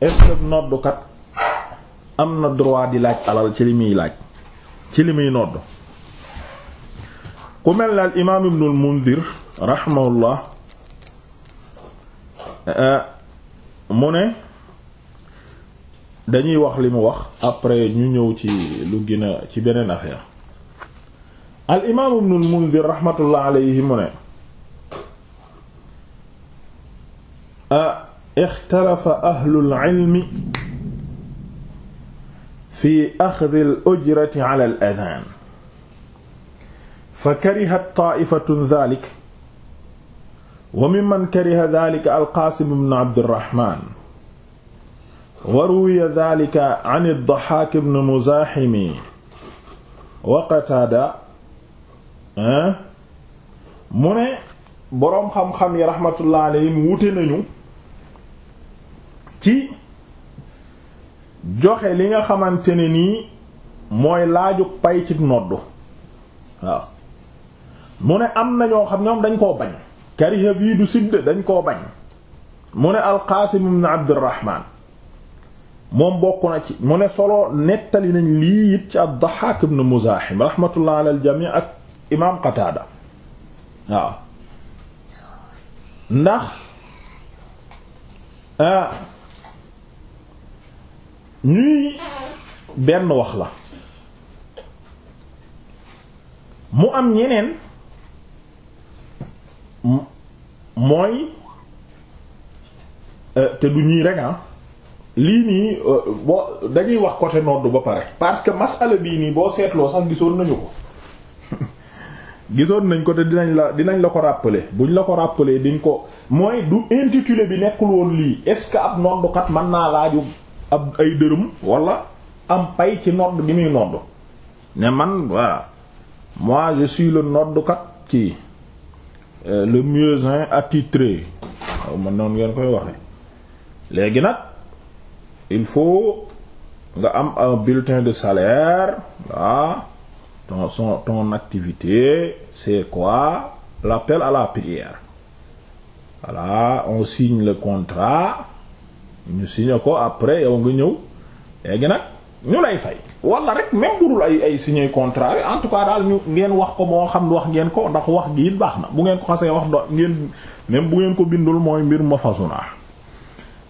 est-ce noddukat am na droit di laaj alal ci li muy laaj ci li muy nodd ku mel ne al imaam mundir raximahullah eh, mu ne dañuy wax li mu wax après ñu ñëw ci lu gën ci beneen affaire al imaam ibnul mundir raxmatullah alayhi mu ne eh, ixtalafa ahlul ilmi fi axdi al ujrati ala al adaan fa karihat taa'ifatun dhaalika wa mimman kariha dhaalika alqaasim ibn abdirrahmaan wa ruwiya dhaalika an ad-dahhaak ibn muzaahim wa qataada mu ne boroom xam-xam yi rahmatullah alayhim wuute nañu ci joxe li nga xamante ne nii mooy laajug pay ci noddu waaw mu ne am na ñoo xam ñoom dañ koo bañ kariha bii du sidd dañ koo bañ mu ne alqaasim ibn abdirahman moom bokk na ci mu ne solo nettali nañ lii it ci ab dahhaak ibn Muzaahim rahmatullah ala al ak imaam Qataada waaw ndax ah, ñuy benn wax la mu am ñeneen mooy euh, te du ñuy rek ah, lii nii euh, boo dañuy wax côté noddu ba pare parce que masala bii nii boo seetloo sax gisoon nañu ko gisoon nañ ko te dinañ la dinañ la ko rappeler buñ la ko rappeler diñ ko mooy du intitulé bi nekkul woon lii est-ce que ab noddukat mën naa laaju ab ay dërëm wala am pay ci nodd gi muy nodd ne man voilà moi je suis le noddkat kii euh, le muezzin attitré waaw man noonu ngeen koy waxe léegi nag il faut nga am un bulletin de salaire ah ton son ton activité c'est quoi l'appel à la prière voilà on signe le contrat ñu signé ko après yow nga ñëw léegi nag ñu lay fay wala rek même burul ay ay signé contrat en tout cas daal ñu ngeen wax ko moo xam ne wax ngeen ko ndax wax gii baax na bu ngeen ko xasee wax do ngeen même bu ngeen ko bindul mooy mbir ma fasu naa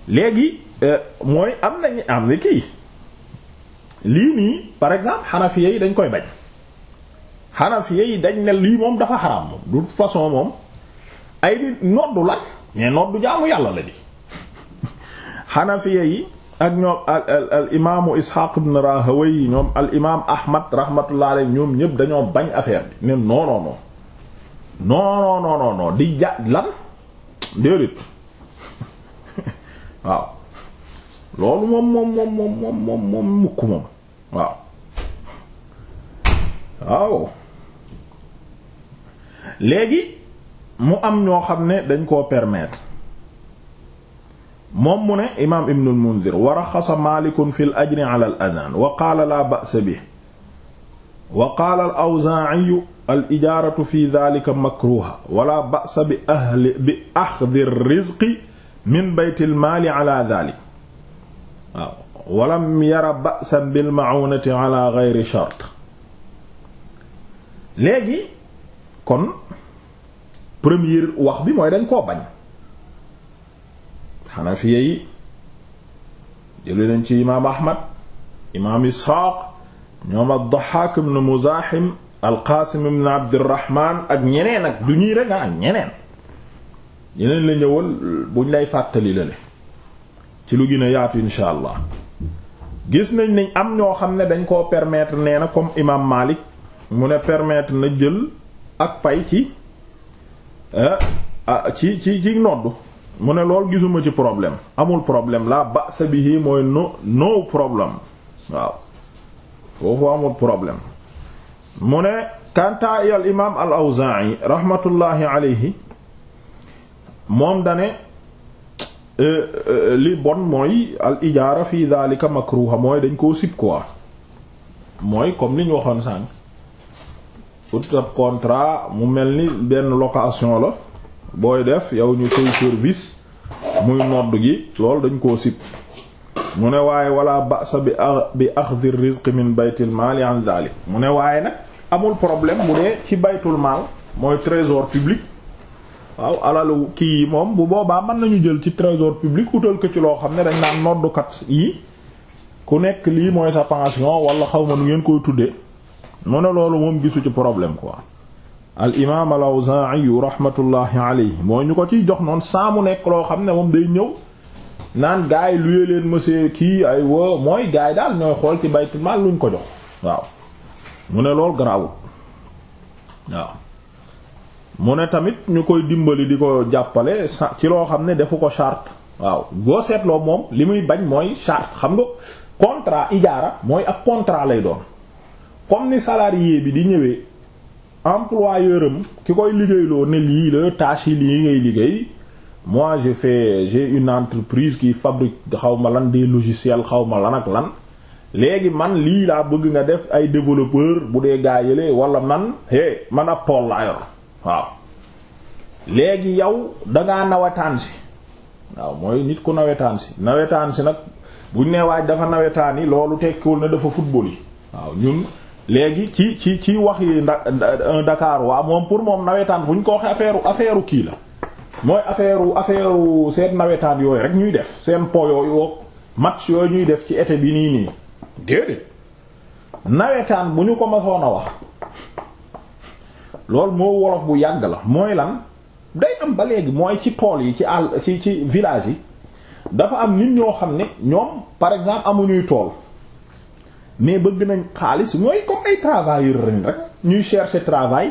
léegi euh, mooy am nañ am na kii lii nii par exemple xanafiya yi dañ koy bañ xanafiya yi dañ ne lii moom dafa xaraam moom de façon moom ay di noddu la mais noddu jaamu yàlla la di xanafiya yi ak ñoom al al imaamu Ishaq ibn Rahawayh ñoom al imaam Ahmad rahmatullah alayhi ñoom ñëpp dañoo bañ affaire bi ne non non non non non non non di ja lan déedéet waaw loolu moom moom moom moom moom moom moom mukk moom waaw waaw léegi mu am ñoo xam ne dañ koo permettre. moom mu ne imaam ibnul mundir wa raxasa maalikun fi l ajri ala al adaan wa qaala laa ba'sa bi wa qaala al awzaa'iyu al ijaaratu fi daalika makruuha wala ba'sa bi ahli bi axdi rizqi min baytil maali ala daalik waaw walam yara ba'san bil ma'unati ala gayri shart léegi kon première wax bi mooy dañ koo bañ xanafiya yi jële nañ ci imaam ahmad imaam isxaaq ñoom ad-Dahhaak ibn Muzaahim al-Qaasim ibn Abdirahmaan ak ñeneen ak du ñuy rek ak ñeneen ñeneen la ñëwal buñ lay fàttali la le ci lu gën yaatu insha allah gis nañ ne am ñoo xam ne dañ koo permettre nee na comme imaam Maalik mu ne permettre na jël ak pay ci eh, ah, ci ci ci noddu mu ne lool gisuma ci problème amul problème la ba'sa bihi mooy no no problème waaw foofu amul problème mu ne kantaa al imaam al awzaa'i raxmatullaahi alayhi moom dane euh, euh, li bon mooy al ijaara fi daalika makruha mooy dañ koo sib quoi mooy comme li ñu waxoon sànq pour contrat mu mel ni benn location la booy def yow ñu koy service muy nodd gi loolu dañ ko sib mu ne waaye wala ba'sa bi bi axdi rizq min baytil maali an mu ne waaye nag amul problème mu dee ci baytul maal mooy trésor public waaw alalu kii yi moom bu boobaa mën nañu jël ci trésor public utal ko ci loo xam ne dañ naan noddukat yi ku nekk lii mooy sa pension wala xaw ma nu ngeen koy tuddee mu ne loolu moom gisu ci problème quoi al imaam al awzaa'i rahmatullahi alayhi mooy ñu ko ciy jox noonu saa mu nekk loo xam ne moom day ñëw naan gaay luye leen monsieur kii ay wo mooy gaay daal ñooy xool ci baytul maal luñ ko jox waaw mu ne loolu garaawul waaw mu ne tamit ñu koy dimbali di ko jàppale sa ci loo xam ne defu ko charte waaw boo seetloo moom li muy bañ mooy charte xam nga contrat ijaara mooy ak contrat lay doon comme ni salarié bi di ñëwee employeur am ki koy liggéeyloo ne lii la tâche yi lii ngay liggéey mois je fais j'ai entreprise qui fabrique xaw ma lan des logiciels xawma ma lan ak lan léegi man lii laa bëgg nga def ay développeur bu dee gaa yële wala man hey man ab tool laa yor waaw léegi yow dangaa nawetaan si waaw mooy nit ku nawetaan si nawetaan si nag buñ nee waaj dafa nawetaan yi loolu tekkiwul ne dafa football yi waaw ñun. léegi ci ci ci wax yi un Dakar waa moom pour moom nawetaan fu ñu ko waxe affaire affaire kii la mooy affaire affaire seet nawetaan yooyu rek ñuy def seen po yoo woog match yooyu ñuy def ci été bi nii nii déedéet nawetaan bu ñu ko masoon a wax loolu moo wolof bu yàgg la mooy lan day am ba léegi mooy ci tool yi ci àll ci ci village yi dafa am nit ñoo xam ne ñoom par exemple amuñuy tool mais bëgg nañ xaalis mooy comme ay travailleurs lañ rek ñuy chercher travail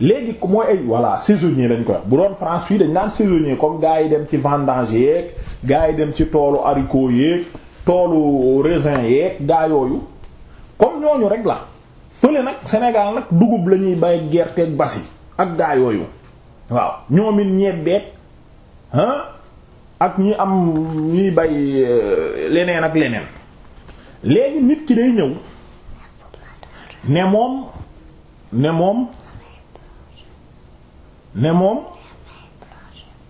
léegi mooy ay voilà saisonnier lañ ko wax bu doon France fii dañ naan saisonnier comme gars yi dem ci vendange yeeg gars yi dem ci toolu haricot yeeg toolu raisin yeeg gaa yooyu comme ñooñu rek la fële nag Sénégal nag dugub la ñuy bay gerte ak basi ak gaa yooyu waaw ñoomin ñebbeeg ah ak ñi am ñuy bay euh, leneen ak leneen léegi nit ki day ñëw ne moom ne moom ne moom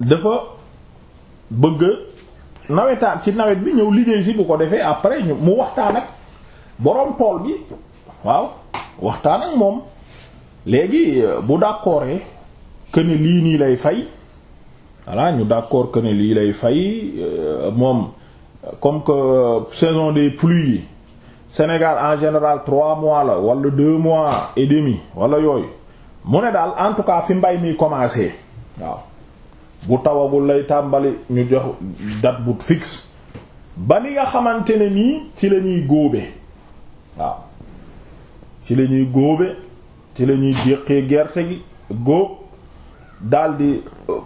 dafa bëgg nawetaan ci nawet bi ñëw liggéey si bu ko defee après ñu mu waxtaan ak boroom tool bi waaw waxtaan ak moom léegi euh, bu d'accord que ne lii nii lay fay voilà ñu d'accord que ne lii lay fay euh, moom comme que euh, saison des pluies yi Sénégal en général trois mois la wala deux mois et demi wala yooyu mu ne daal en tout cas fi mbay mi commencé waaw bu tawagul lay tàmbali ñu jox date bu fix ba li nga xamante ne nii ci la ñuy góobe waaw ci la ñuy góobe ci la ñuy jéqee gerte gi góob daldi euh,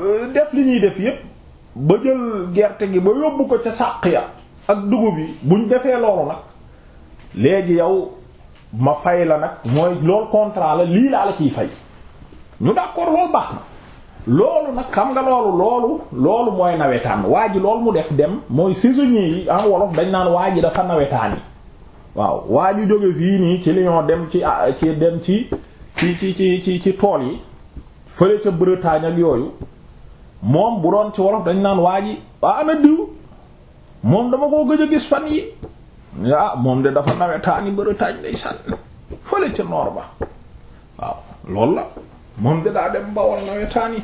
euh, def li ñuy def yépp ba jël gerte gi ba yóbbu ko ca sàq ya ak dugub yi buñ defee loolu nag léegi yow ma fay la nag mooy loolu contrat la lii laa la ciy fay ñu d'accord loolu baax na loolu nag xam nga loolu loolu loolu mooy nawetaan waa ji loolu mu def dem mooy saisonniers yi en wolof dañ naan waa ji dafa nawetaan yi waaw waa ji jóge fii nii ci Lyon dem ci ah, ci dem ci ci ci ci ci ci tool yi fële ca Bretagne ak yooyu moom bu doon ci wolof dañ naan waa ji ah ana diw moom dama koo gëj a gis fan yi ah moom de dafa nawetaani Bretagne day sànni fële ca noor ba waaw loolu la moom de daa dem bawol nawetaani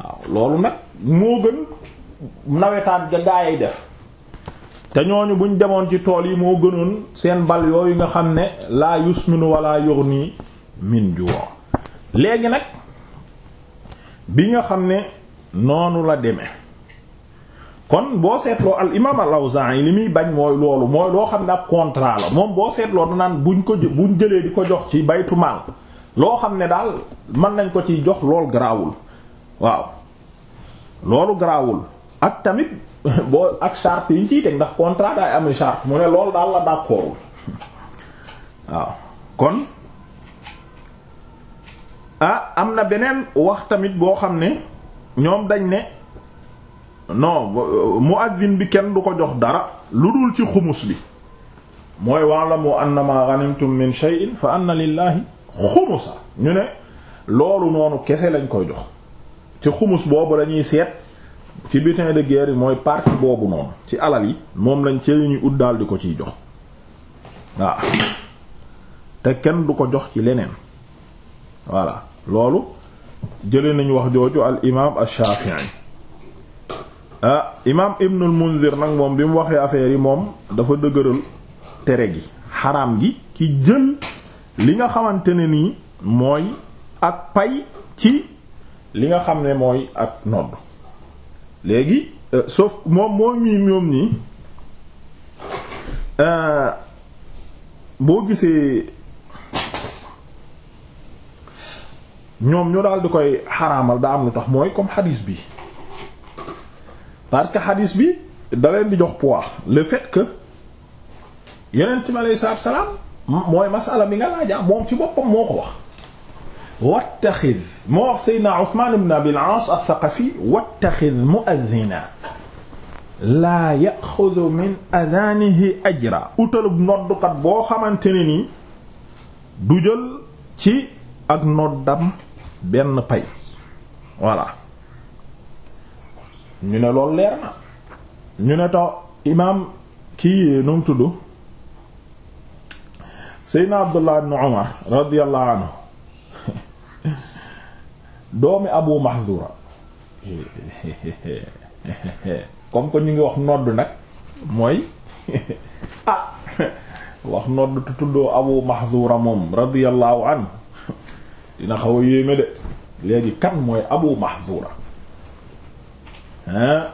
waaw loolu nag moo gën nawetaan ja gaa yi def te ñooñu buñ demoon ci tool yi moo gënoon seen bal yooyu nga xam ne laa yusminu wala yughni min juwa léegi nag bi nga xam ne noonu la demee kon boo seetloo al imaam al yi li muy bañ mooy loolu mooy loo xam ne ab contrat moom boo seetloo danaan buñ ko buñ jëlee di ko jox ci baytu maal loo xam ne daal mën nañ ko ciy jox loolu garaawul waaw loolu garaawul ak tamit boo ak charte yi ñu ciy teg ndax contrat daay am charte mu ne loolu daal la d'accordul waaw kon. ah am na beneen wax tamit boo xam ne ñoom dañ ne no mu muaddin bi kenn du ko jox dara lu dul ci xumus bi mooy wa'lamu annama ghanimtum min shay'in fa anna lillahi xumusa ñu ne loolu noonu kese lañ koy jox ci xumus boobu lañuy seet ci butin de guerre yi mooy partie boobu noonu ci alal yi moom lañ ci lañuy ut daal di ko ciy jox waaw te kenn du ko jox ci leneen voilà loolu jëlee nañu wax jooju al imaam ash-Shafi'i ah imaam Ibn al nag moom bi mu waxee affaire yi moom dafa dëgëral tere gi xaraam gi ki jël li nga xamante ne nii mooy ak pay ci li nga xam ne mooy ak nodd léegi euh, sauf moom moom mii moom nii boo gisee. ñoom ñu daal di koy xaraamal daa am lu tax mooy comme xadiis bi parce que xadiis bi da leen di jox poids le fait que yonent bi aleyhi salaatu wa mooy masala mi nga laajaa moom ci boppam moo ko wax wattaxid moo wax Seydina Usmaan ibn noddukat boo xamante ne ni du jël ci ak noddam benn pay voilà ñu ne lool leer na ñu ne tax imaam kii nu mu tudd seydna abdullah ibn umar radiyallahu anhu doomi abu mahzura comme que ñu ngi wax nodd nag mooy ah wax nodd te tuddoo abu mahzura moom radiyallahu anhu dina xawa a yéeme de léegi kan mooy abu mahzura hein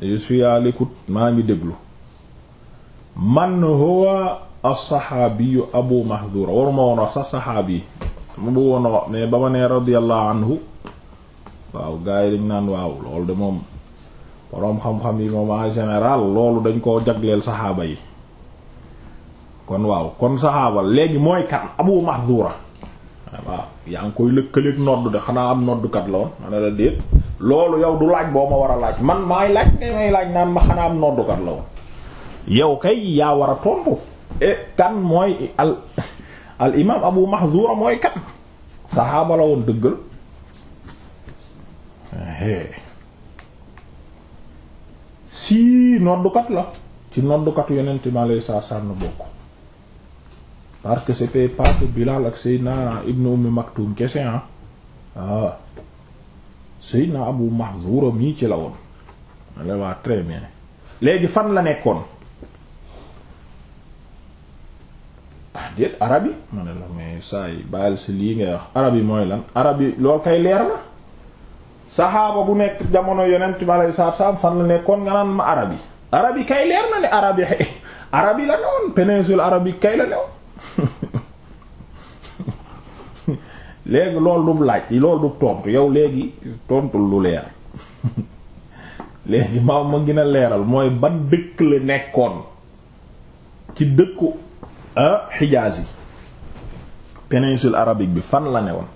je suis à maa ngi déglu man huwa as-saxaabiyu abu mahzura waruma woon wax sax saxaabi mu bu woon wax mais ba ma nee radiyallahu anhu waaw gars yi dañ naan waaw loolu de moom boroom xam-xam yi moom en général loolu dañ koo jagleel saxaaba yi kon waaw kon saxaaba léegi mooy kan abu mahzura waaw yaa ngi koy lëkkaleeg nodd de xanaa am noddukat la woon ma la déet loolu yow du laaj boo ma war a laaj man maay laaj ngay laaj naan ma xanaa am noddukat la woon yow kay yaa war a tontu e kan mooy al al imaam Abu Mahzura mooy kan saxaaba la woon dëggal si noddukat la ci noddukatu yeneen time alay saar saar na bokk parce que c'était pas que Bilal ak Seydina Ibn Umm Maktum kese ah waaw ah. Seydina Abu Mahzura mii ci la woon la léegi fan la nekkoon ah déet arab yi ma ne la mais saa yi bàyyil si lii ngay wax arab yi mooy lan arab yi lool kay leer na saxaaba bu nekk jamono yeneen ma lay saab saab fan la nekkoon nga naan ma arab yi arab yi kay leer na ne arab yi arab yi la ne woon péninsule arabique kay la ne woon léegi loolu du laaj loolu du tontu yow léegi tontul lu leer léegi ma ma gën a leeral mooy ban dëkk la nekkoon ci dëkku ah Hijaaz yi péninsule arabique bi fan la ne woon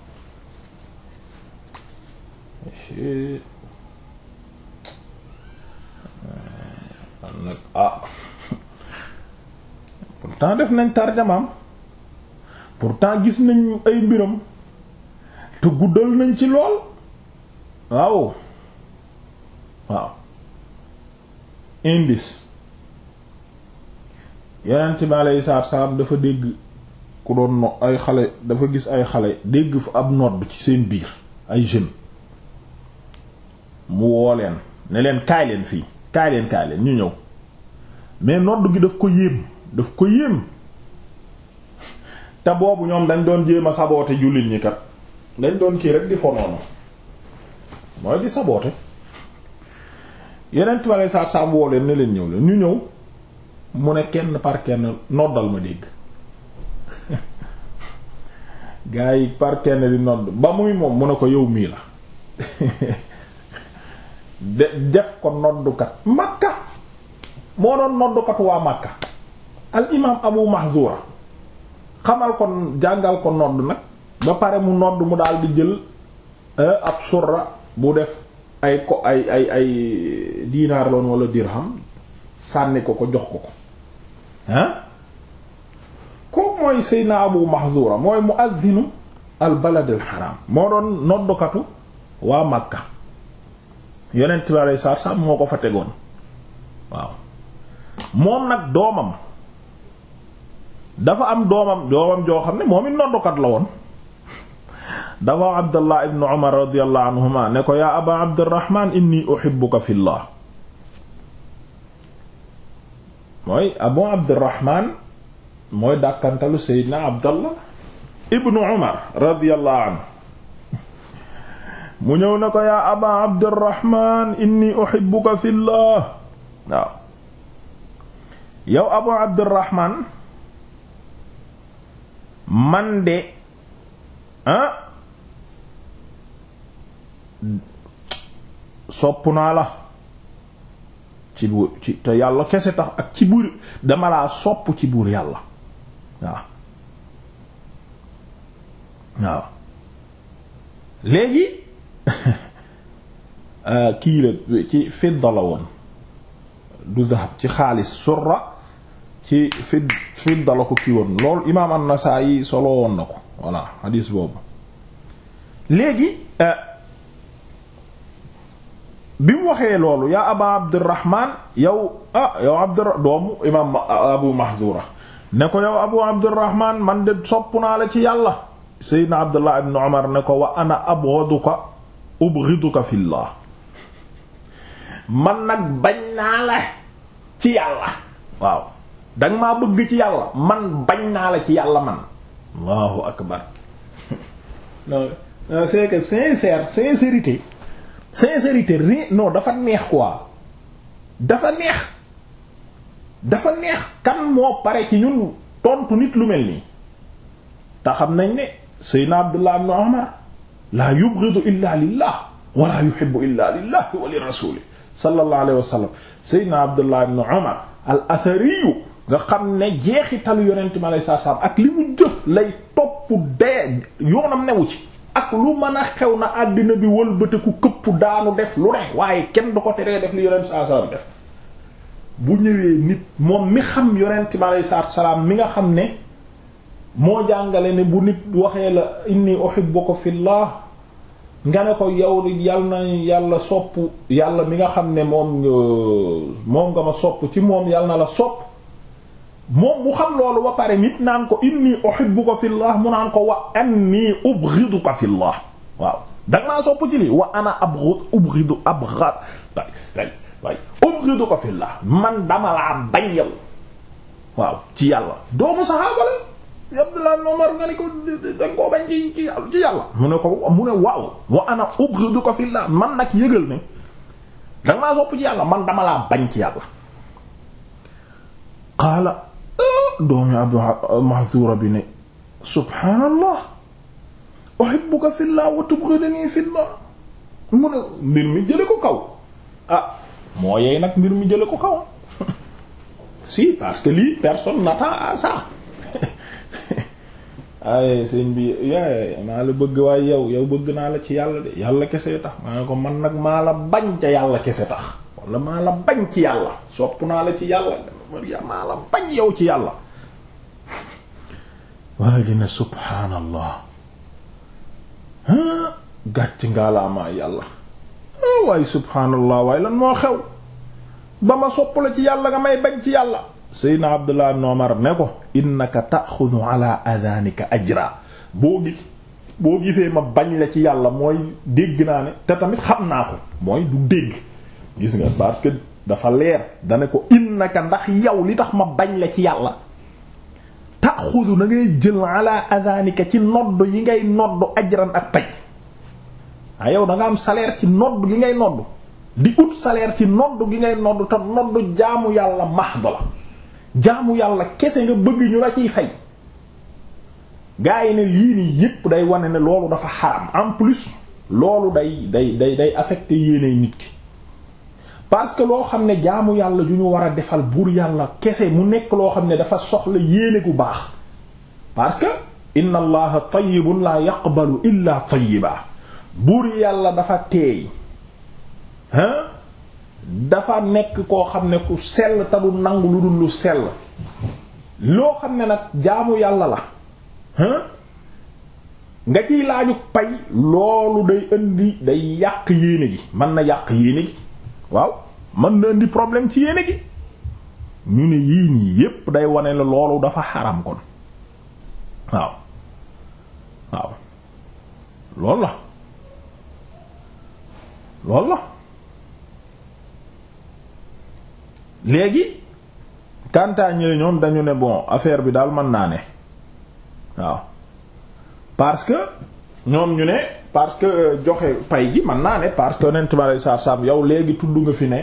eh, ah pourtant def nañ tarjamaam pourtant gis nañ ay mbiram te guddal nañ ci lool waaw waaw indice yonent bi alayhi salaatu salaam dafa dégg ku doon no ay xale dafa gis ay xale dégg fa ab nodd ci seen biir ay jeunes mu woo leen ne leen kaay leen fii kaay leen kaay leen ñu ñëw mais nodd gi daf ko yéem daf ko yéem te boobu ñoom dañ doon jéem a saboote jullit ñi kat dañ doon kii rek di fonoona mooy di saboote yeneen tubaab yi sax woo leen ne leen ñëw la ñu ñëw mu ne kenn par kenn noddal ma dégg gaa yi par kenn di nodd ba muy moom mu ne ko yëw mii la de def ko noddukat makka moo doon noddukatu waa makka. al imaam Abu Mahzura xamal ko jàngal ko nodd nag ba pare mu nodd mu daal di jël eh, ab surra bu def ay ko ay ay ay diinaar dirham sànni ko ko jox ko ko ah ko mooy Seydina Abu Mahzura mooy muazzinu al balad al moo doon noddukatu waa Makka yonent bi alei saatu moo ko fa tegoon waaw moom nag doomam dafa am doomam doomam joo xam ne moom it noddukat la woon dafa abdallah ibnu umar radiyallahu anhuma ne ko yaa aba abdirahman inni uhibbuka fillah mooy ñëw ne ko yaa yow abu abdirahman man de ah sopp naa la ci buur te yàlla kese tax ak ci buur dama laa sopp ci buur yàlla waaw waaw léegi euh, kii la ci fidda la woon du dahab ci xaalis surra ci fi la ko kii woon loolu imaam an-Nasaa'i solo woon na ko voilà boobu léegi euh, bi mu waxee loolu yaa aba abdirahman yow ah yow abdir doomu imaam abu mahzura ne ko abu abdirahman man de sopp naa la ci yàlla sayyidna abdullah ibn umar ko wa ana abghaduka ubghiduka fillah man nag bañ naa la ci danga maa bëgg ci yàlla man bañ naa la ci yàlla man allahu akbar non c'est que sincère sincérité sincérité ri non dafa neex quoi dafa neex dafa neex kan moo pare ci ñun tontu nit lu mel nii te xam nañ ne seydna abdullah ibn umar la yubghidu illa la yuhibbu illa lillah wa li rasulih sallallahu alayhi wa sallam seydna abdullah ibn umar al athariyu nga xam ne jeexitalu yonent mi alay saa salaam ak li mu jëf lay topp dee yoonam newu ci ak lu mën a xew na àddina bi wëlbatiku këpp daanu def lu ne waaye kenn du ko teree def li yonent saa salaam def bu ñëwee nit moom mi xam yonent alay saa salaam mi nga xam ne moo jàngale ne bu nit waxee la inni uhibbuka fillah nga ne ko yow yal na yàlla sopp yàlla mi nga xam ne moom euh, moom nga ma sopp ci moom yal na la sopp moom mu xam loolu ba pare nit naan ko inni mu naan ko wa anni ubghiduka fillah waaw danga maa sopp wa ana abghid ubghidu abghad way way ubghiduka fillah man dama laa bañ yow waaw ci yàlla mu ne ko mu man nag yëgal ne danga maa man dama laa bañ ci yàlla doomi abu mahzura bi ne subhaanallah uhibbuka fillah wa tubghidani fillah mu ne mbir mi jële ko kaw ah moo yey nag mbir mi jële ko kaw si parce que lii personne n'attend ay sëñ bi yaay maa la bëgg waaye yow yow bëgg naa la ci yàlla de yàlla kese tax maa ne ko man nag maa la bañ ca yàlla kese tax la maa la bañ ci yàlla sopp naa la ci yàlla maa la bañ yow ci yàlla waaye dina subhaanallah gàcc ngaa laa maa yàlla waaye subhaanallah waaye lan moo xew ba ma sopp la ci yàlla nga may bañ ci yàlla seydna abdullah ibn omar ne ko innaka taaxudu ala adaanika ajra boo gis boo gisee ma bañ la ci yàlla mooy dégg naa ne te tamit xam naa ko mooy du dégg gis nga parce que dafa leer dana ko innaka ndax yow li tax ma bañ la ci yàlla taxudu dangay ngay jël ala adaanika ci nodd yi ngay nodd ajran ak pay a ah yow danga am salaire ci nodd gi ngay nodd di ut salaire ci nodd gi ngay nodd te nodd jaamu yàlla max la jaamu yàlla kese nga bëgg ñu la ciy fay gaa yi ne lii nii yépp day wane ne loolu dafa xaram en plus loolu day day day day affecté yéene nit ki parce que loo xam ne jaamu yàlla ju ñu war a defal buur yàlla kese mu nekk loo xam ne dafa soxla yéene gu baax parce que inna allaha tayyibun la yaqbalu illa tayyiba buur yàlla dafa teey dafa nekk koo xam ne ku sell te du nangu lu dul sell loo xam ne nag jaamu yàlla la hein nga ciy laaju pay loolu day indi day yàq yéene gi mën na yàq yéene gi waaw mën na indi problème ci yéene gi ñu ne yii ñii yépp day wane la loolu dafa xaram kon waaw waaw loolu la loolu la léegi kantaa ñële ñoom dañu ne bon affaire bi daal mën naa ne waaw parce que ñoom ñu ne parce que euh, joxe pay gi man naa ne parce que yonent bi alei saatu yow léegi tudd nga fi ne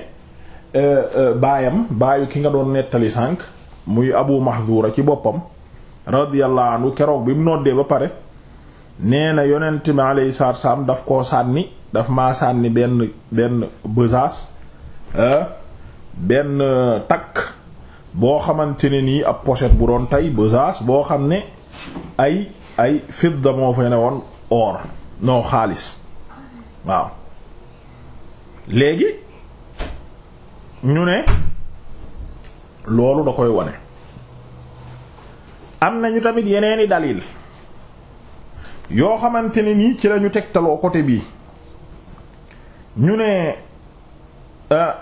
euh, euh, baayam baayu ki nga doon nettali sànq muy abu mahdura ci boppam radiyallahu anhu keroog bi mu noddee ba pare nee na yonent bi aleyhi salaatu daf koo sànni daf ma sànni benn benn besace benn takk boo xamante ne nii ab pochette bu doon tey besace boo xam ne ay ay fidda moo fa ne woon or non xaalis waaw léegi ñu ne loolu da koy wone am nañu tamit yeneeni dalil yoo xamante ne nii ci lañu tegtaloo côté bii ñu ne euh,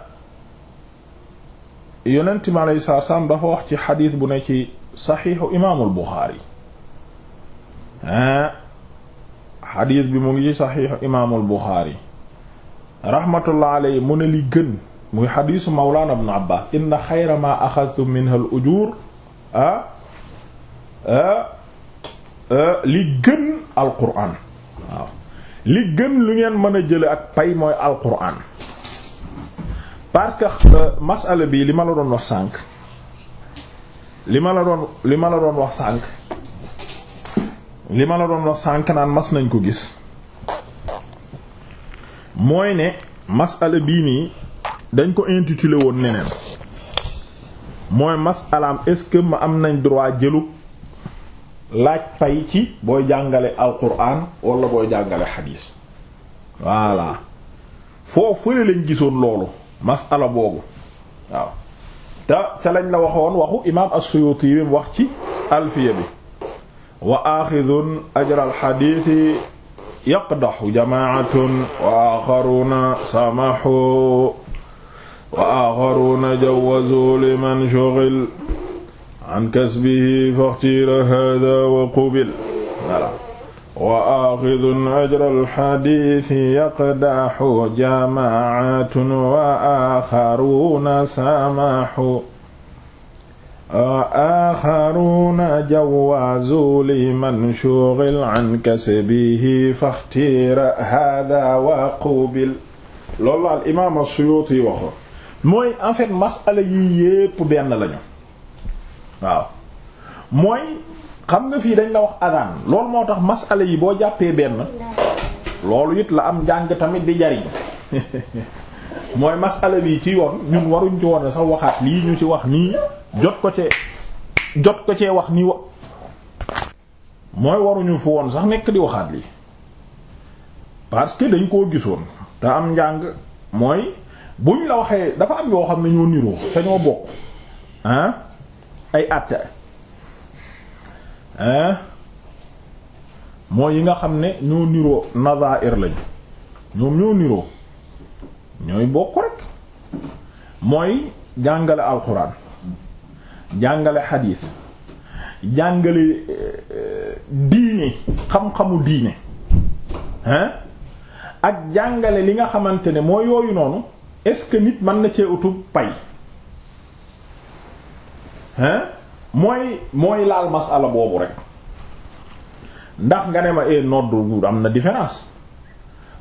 yonent mi alayhi salaam dafa wax ci xadiis bu ne ci saxiixu imaamul Buxaari ah xadiis bi mu ngi ci saxiixu imaamul Buxaari rahmatullah mu ne li gën muy xadiisu mawlaana ibn Abbaas inna xayra maa minha al ujuur ah, ah, ah, li gën alquraan waaw li gën lu ngeen mën a jële ak pay mooy alquraan parce que euh, masala bi li ma la doon wax sànk li ma la doon li ma la doon wax sànk li ma la doon wax sànk naan mas nañ ko gis mooy ne masala bii nii dañ ko intitulé woon neneen mooy masalaam est-ce que ma am nañ droit jëlu laaj pay ci booy jàngale alquran wala booy jàngale xadiis voilà foofu fële lañ gisoon loolu masala boobu waaw te ca lañ la waxoon waxu imaam as-Suyuti yi wax ci alfiya bi wa axidun ajral xadiisi yaqdaxu jamaatun wa axaruna samaxu wa axaruna jawazu liman shughil an kasbihi faxtiira haadaa wa qubil wa axidun ajral xadiisi yaqdaxu jamaatun wa axaruna samaxu wa axaruna jawaazu liman shughil an kasbihi faxtiira hada wa qubil loolu la al imaam as-Suyuuti yi waxoon mooy en fait masala yi yépp benn lañu waaw mooy xam nga fii dañ la wax adaan loolu moo tax masala yi boo jàppee benn loolu it la am njàng tamit di jariñ mooy masala bi ci yoon ñun waruñ ci woon sax waxaat lii ñu ci wax nii jot ko cee jot ko ci wax nii wa mooy waruñu fu woon sax nekk di waxaat lii parce que dañ koo gisoon te am njàng mooy buñ la waxee dafa am yoo xam ne ñoo niroo te ñoo bokk ay àtte ah yi nga xam ne ñoo niroo nazair lañ ñoom ñoo niroo ñooy bokk rek mooy jàngale alxuraan jàngale xadiis jàngale eh, diine xam-xamu diine hein ak jàngale li nga xamante ne mooy yooyu noonu est-ce que nit mën na cee utub pay hein mooy mooy laal masala boobu rek ndax nga ne ma e noddu am na différence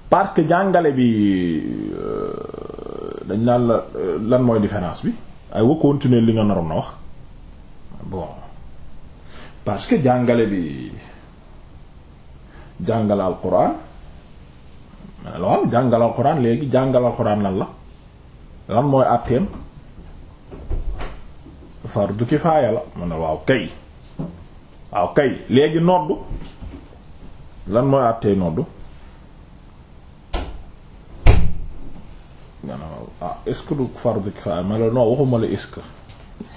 parce que jàngale bi euh, dañ naan la euh, lan mooy différence bi ay wa continuer li nga naroon na wax bon parce que jàngale bi jàngale alquran waaw léegi jàngale alquran lan la lan mooy àtteem fardu kifaaya la mu ne waaw kay waaw kay léegi noddu lan mooy àttee noddu ah est-ce que du fardu kifaaya ma la non waxuma la est-ce que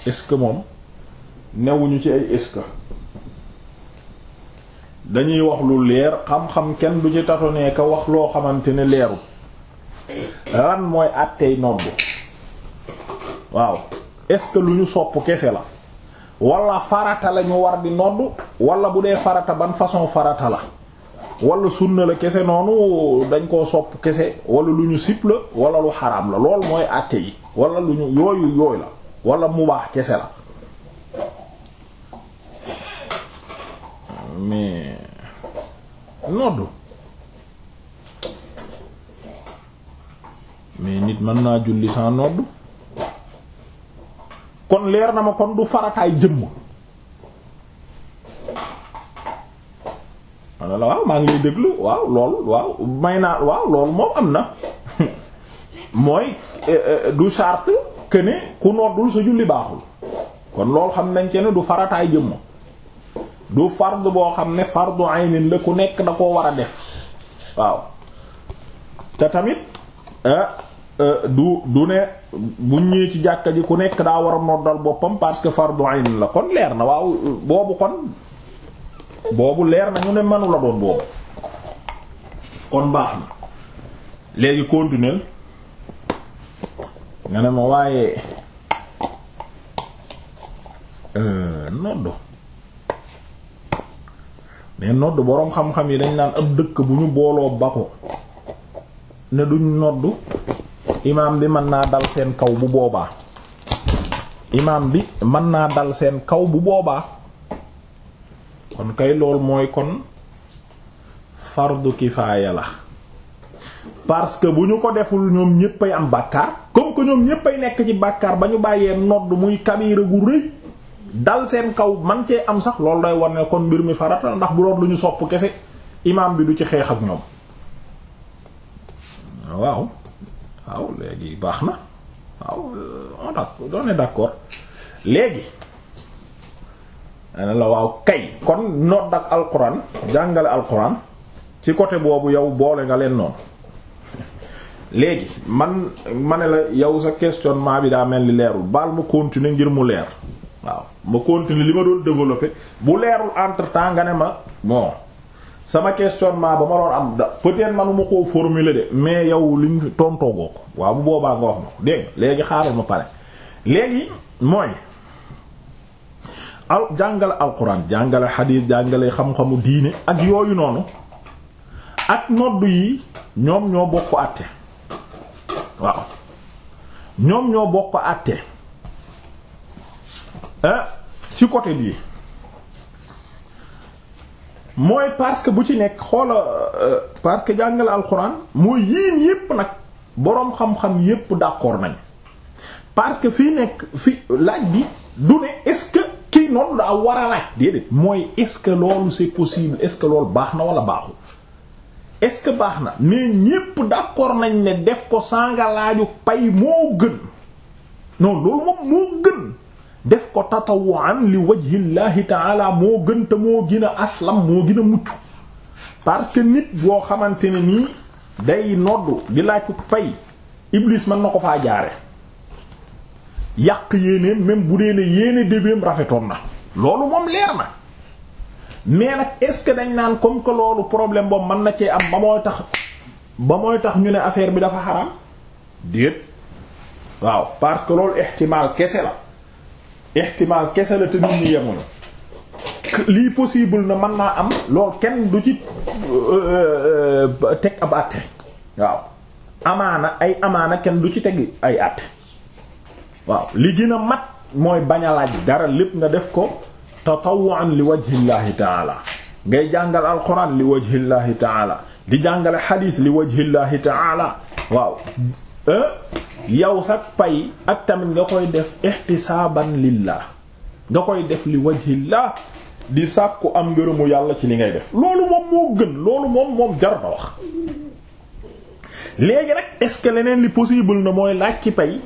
est-ce que moom newuñu ci ay est-ce que dañuy wax lu leer xam-xam kenn du ci tatonee ka wax loo xamante ne leerul lan mooy àttey nodd waaw est-ce que lu ñu sopp kese la wala farata lañu war di nodd wala bu dee farata ban façon farata la wala sunna la kese noonu dañ koo sopp kese wala lu ñu sip la wala lu xaraam la lool mooy àtte yi wala lu ñu yooyu yooyu la wala baax kese la mais noddu mais nit mën naa julli sans noddu kon leer na ma kon du farataay jëmm man waaw maa ngi lay déglu waaw lool waaw may naa waaw loolu moom am na mooy eh, eh, du charte que ne ku noddul sa julli baaxul kon loolu xam nañ ci du farataay jëmm du fard boo xam ne fardu aynin la ku nekk da koo war a def waaw te tamit eh, du du ne bu ñëwee ci jàkka ji ku nekk daa war a noddal boppam parce que fardu aynin la kon leer na waaw boobu kon boobu leer nañu ne manu la doon boobu kon baax na léegi continuer nga ne ma waaye euh, nodd mais nodd boroom xam-xam yi dañ naan ab dëkk bu ñu booloo ba ko ne duñ nodd imaam bi mën naa dal seen kaw bu boobaa imaam bi mën naa dal seen kaw bu boobaa kon kay lool mooy kon fardu kifaaya la parce que bu ñu ko deful ñoom ñéppay am bàkkaar comme que ñoom ñéppay nekk ci bàkkaar ba ñu bàyyee nodd muy kabiira gu rëy dal seen kaw man cee am sax lool day war ne kon mbir mi farata ndax bu doon lu ñu sopp kese imaam bi du ci xeex ak ñoom waaw waaw léegi baax na waaw on est léegi ana la waaw kay kon nodd ak alquran jàngale alquran ci côté boobu yow boole nga leen noonu léegi man ma ne la yow sa questionnement bi daa mel ni leerul baal ma continuer ngir mu leer waaw ma continuer li ma doon développer bu leerul entre temps nga ne ma bon sama questionnement ba ma doon am da peut-être manuma koo formuler de mais yow li mu tontoo ko waaw bu boobaa nga wax ma ko dégg léegi xaaral ma pare léegi mooy. al jàngale alquran jàngale xadiis jàngale xam-xamu diine ak yooyu noonu ak nodd yi ñoom ñoo bokk àtte waaw ñoom ñoo bokk àtte eh, ci côté bii mooy parce que bu ci nekk xoola eh, parce que jàngale alxuraan mooy yiin yépp nag boroom xam-xam yépp d'accord nañ parce que nekk fi laaj bi du ne est kii noonu mooy est-ce que loolu c'est possible est-ce baax na wala baaxul est baax na mais ñépp d'accord nañ ne def ko sanga laaju pay moo gën non loolu moom moo gën def ko tatawuan li wajhillahi taala moo gën te moo gën a aslam moo gën a mucc parce que nit boo xamante ne nii day noddu di laaj pay iblis mën na ko faa jaare yàq yéenéen même bu dee ne yéene débéem rafetoon na loolu moom leer na mais nag est-ce que dañ naan comme que loolu problème boobu mën na cee am ba mooy tax ba mooy tax ñu ne affaire bi dafa xaram déet waaw parce que loolu ixtimaal kese la ixtimaal kese la te nit ñi yemuñu lii possible na mën naa am loolu kenn du ci euh, euh, teg ab àtte waaw amaana ay amaana kenn du ci teg ay àtte waaw li gën a mat mooy bañ a dara lépp nga def ko tatawwu'an li wajhillahi taala ngay jàngal alxuraan li wajhillahi taala di jàngale xadiis li wajhillahi taala waaw eh? yow sax pay ak tamit nga koy def ihtisaaban lillah nga koy def li wajhillah di sàkku am ngërëmu yàlla ci li ngay def loolu moom moo gën loolu moom moom jar wax léegi nag est-ce que leneen li possible na mooy laaj ci pay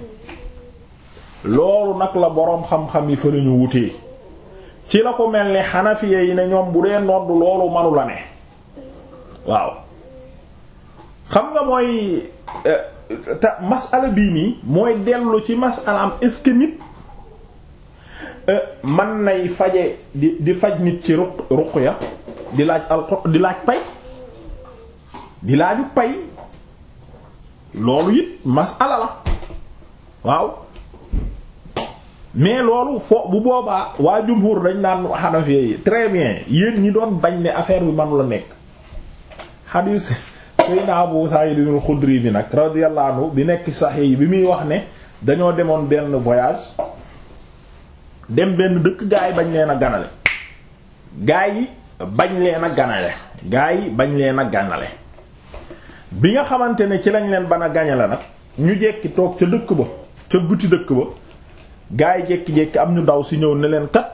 loolu nag la boroom xam-xam yi fa lañu wutee ci la ko mel ni xanafiya yi ne ñoom bu dee nodd loolu manu la ne waaw xam nga mooy eh, te masala bii nii mooy dellu ci masala am est eh, man nay faje di di faj nit ci ruq ruqya di laaj alxo di laaj pay di laaju pay loolu it masala la waaw mais loolu fo bu boobaa waa jumhur dañ naan Hanafi yi très bien yéen ñi doon bañ ne affaire bi manu la nekk xadiis Seydina Abu Sa'id al-Khudri bi nag radiyallahu bi nekk sahih yi bi muy wax ne dañoo demoon benn voyage dem benn dëkk gaa yi bañ leen a ganale gaa yi bañ leen a ganale gaa yi bañ leen a ganale bi nga xamante ne ci lañ leen ban a gañale nag ñu jekki toog ca dëkk ba ca guti dëkk ba gaa yi jékki-jékki am ñu daw si ñëw ne leen kat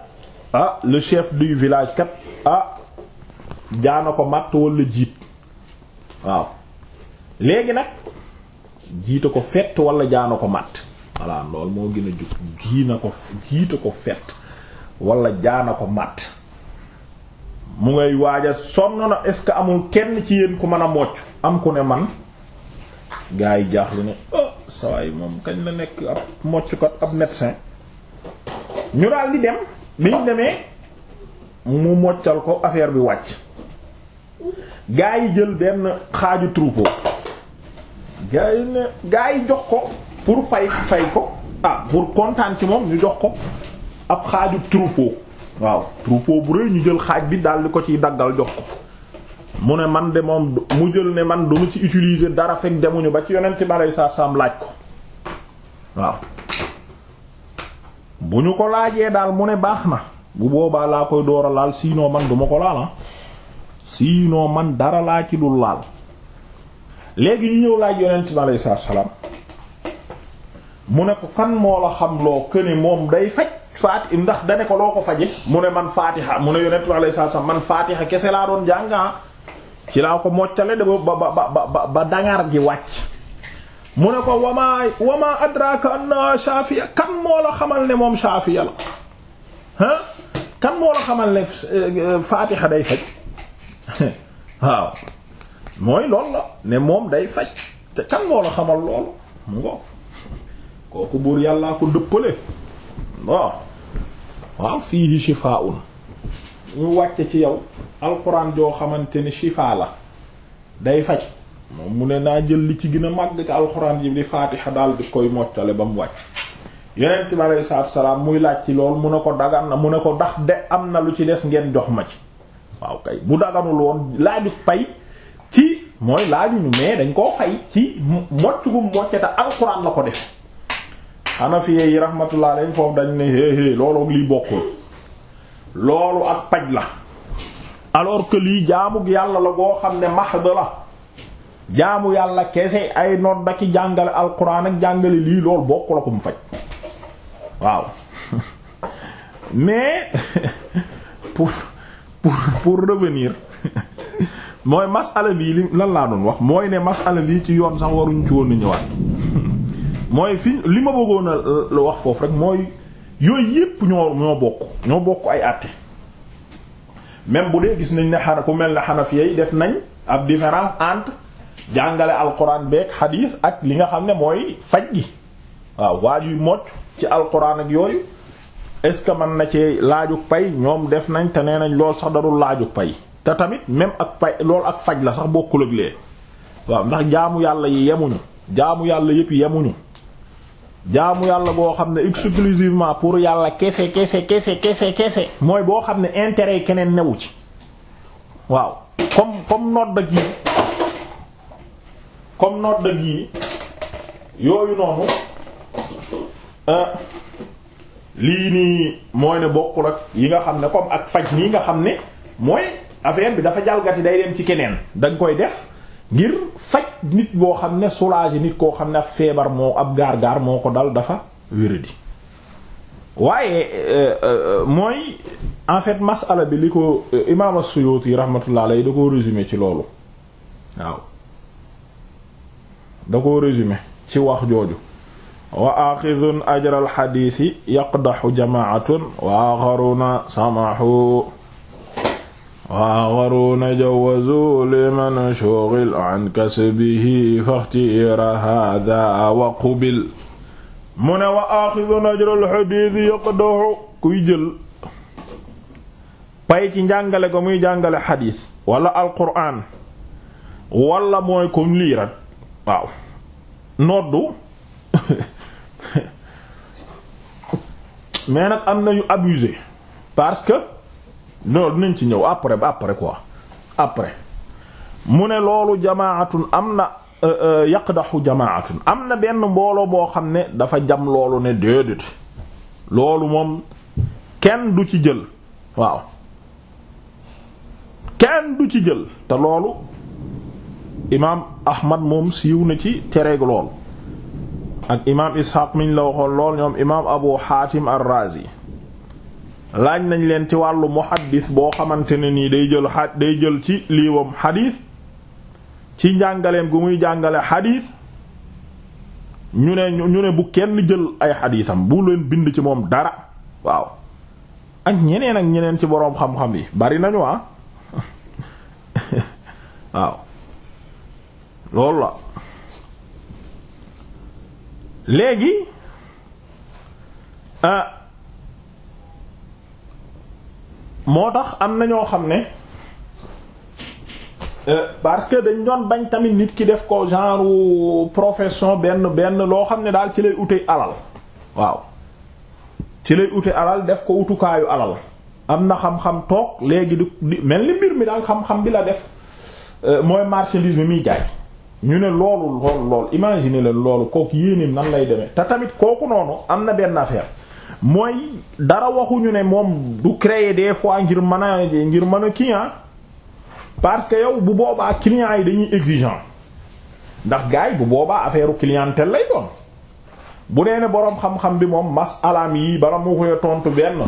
ah le chef du village kat ah jaana ko matt walla jiit waaw léegi nag jiite ko fett wala jaana ko matt voilà loolu moo gën a jug jii ko jiite ko fett wala jaana ko matt mu ngay waaj a sonn na est-ce que amul kenn ci yéen ku mën a mocc am ku ne man gaa yi jaaxlu ne oh sawaay moom kañ la nekk ab moccukat ab médecin ñu daal di dem biñ demee mu moccal ko affaire bi wàcc gaa yi jël benn xaaju troupeau gaa yi ne gaa yi jox ko pour fay fay ko ah pour kontaan ci moom ñu jox ko ab xaaju troupeau waaw troupeau bu rëy ñu jël xaaj bi daal ko ci daggal jox ko mu ne man de moom mu jël ne man duma ci utiliser dara fekk demuñu ba ci yonent bi aleyhi salaatu salaam laaj ko waaw bu ñu ko laajee daal mu ne baax na bu boobaa laa koy door a laal sinon man duma ko laal ah. sinon man dara laa ci dul laal léegi ñu ñëw laaj yonent bi aleyhi salaatu salaam mu ne ko kan moo la xam loo këne moom day faj faati ndax dane ko loo ko faje mu ne man faatiha mu ne yonent bi aleyhi salaatu salaam man faatiha kese laa doon jàngaa ah. ci laa ko moccale da ba ba ba ba dangar gi wàcc mu ne ko wamaa wamaa adraka anna kan moo la xamal ne moom shafiya la ah kan moo la xamal ne euh, fatiha day faj waaw mooy loolu la ne moom day faj te kan moo la xamal loolu mu kooku buur yàllaa ko dëppale waaw waaw fiihi shifaa'un ñu wàcce ci yow alxuraan joo xamante ni shifa la day faj moom mu ne naa jël li ci gën a màgg te alxuraan yi di faatixa daal di koy moccale ba mu wàcc yonent bi aleyhi salaatu salaam muy laaj ci lool mu ne ko dagan na mu ne ko ndax de am na lu ci des ngeen jox ma ci waaw kay bu daganul woon laaju pay ci mooy laajuñu mais dañ koo fay ci mocc gum mocce alxuraan la ko def xanafiye yi rahmatullah alayhi foofu dañ ne hé hé loolu ak lii bokkul loolu ak paj la alors que lii jaamu yàlla la goo xam ne mahd la jaamu yàlla kese ay nodd ak jàngale alquran ak jàngale lii loolu bokk la ko mu faj waaw mais pour pour pour revenir mooy masala bii li lan laa doon wax mooy ne masala bii ci yoon sax waruñu ci woon na ñëwaat mooy fi li ma bëggoon a wax foofu rek mooy. yooyu yépp ñoo bokk ñoo bokk ay àtte même bu dee gis nañ ne xana ku mel ne xanafiya yi def nañ ab différence entre jàngale alquran beeg xadiis ak li nga xam ne mooy faj gi waaw waajuy mocc ci alxuraan ak yooyu est ce que mën na ci laaju pay ñoom def nañ te nee nañ lool sax darul laajug pay te tamit même ak pay loolu ak faj la sax bokkul ak lee waaw ndax jaamu yàlla yi yemuñu jaamu yàlla yépp yemuñu jaamu yàlla boo xam ne exclusivement pour yàlla kese kese kese kese kese mooy boo xam ne intérêt keneen newu ci waaw comme comme nodd ak yi comme nodd ak yi yooyu noonu euh, lii nii mooy ne bokkul ak yi nga xam ne comme ak faj nii nga xam ne mooy affaire bi dafa jalgati day dem ci keneen danga koy def ngir faj nit boo xam ne soulager nit koo xam ne ab feebar moo ab gaar-gaar moo ko dal dafa wéradi waaye euh, euh, mooy en fait masala bi li ko euh, imaam as-Suyuti rahmatullah da koo résumé ci loolu waaw da koo résumé ci wax jooju wa axidun ajral xadiisi yaqdaxu jamaatun wa axaruna samahu وآخرون جوزوا لمن شغل عن كسبه فاختير هذا وقبل mu ne wa aaxidun ajral xadiis yaqdahu kuy jël pay ci njàngale ko muy jàngale xadiis wala alquraan wala mooy comme lii rek waaw am nañu abusé parce loolu niñ ci ñëw après ba après quoi après mu ne loolu jamaatun am na euh, euh, yaqdaxu jamaatun am na benn mbooloo boo xam ne dafa jam loolu ne déedéet loolu moom kenn du ci jël waaw kenn du ci jël te loolu imaam Ahmad moom siiw na ci tereeg loolu ak imaam Ishaq miñ la waxoon lool ñoom imaam Abu Hatim ar-Razi laaj nañ leen ci wàllu muhaddis boo xamante ne nii day jël a day jël ci liiwam xadiis ci njàngaleem gu muy jàngale xadiis ñu ne ñu ne bu kenn jël ay xadiisam bu leen bind ci moom dara waaw ak ñeneen ak ñeneen ci boroom xam-xam yi bari nañu ah waaw loolu la léegi ah, moo tax am na ñoo xam ne euh, parce que dañ doon bañ tamit nit ki def ko genre profession benn benn loo xam ne daal ci lay ute alal waaw ci lay ute alal def ko utukaayu alal am na xam-xam toog léegi di mel ni mbir mi daal xam-xam bi la def euh, mooy marchandise bi muy jaay ñu ne loolu loolu loolu imagine leen loolu kook yéenéem nan lay demee te tamit kooku noonu am na benn affaire mooy dara waxuñu ne moom du créer des fois ngir mën a ngir mën a client ah. parce que yow bu boobaa client yi dañuy exigeant ndax gars bu boobaa affaire clientèle lay doon bu nee ne boroom xam-xam bi moom mas alam yi bala mu koy tontu benn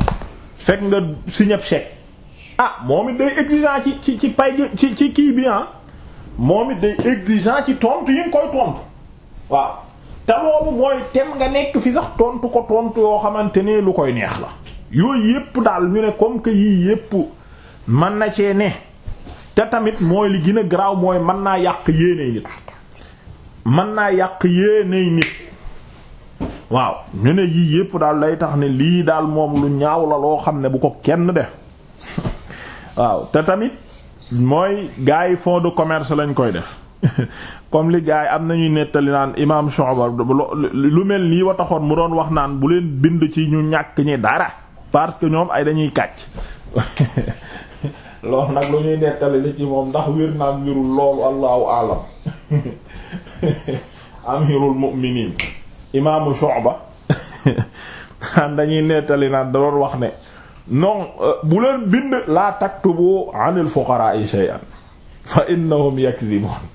fekk nga signer chèque ah moom it day exigeant ci ci ci pay ci ci kii bi ah moom it day exigeant ci tontu yi nga koy tontu waaw te loolu mooy tem nga nekk fi sax tontu ko tontu yoo xamante ne lu koy neex la yooyu yépp daal ñu ne comme que yii yépp mën na cee ne te tamit mooy li gën garaaw mooy mën naa yàq yéenay nit naa yàq yéenay nit waaw ñu ne yii yépp daal lay tax ne lii daal moom lu ñaaw la loo xam ne bu ko kenn de waaw te tamit mooy gars yi fond de commerce lañ koy def comme li gars yi am nañuy nettali naan imaam Shu'ba lu mel nii wataxoon mu doon wax naan bu leen bind ci ñu ñàkk ñi dara parce que ñoom ay dañuy kàcc loolu nag lu ñuy nettali li ci moom ndax wér na am wérul loolu allahu alam amirul mu'minin imaamu Shu'ba naan dañuy nettali naan da doon wax ne non euh, bu leen bind laa taktubu anil fuqara'i shay'an fa innahum yakdhibun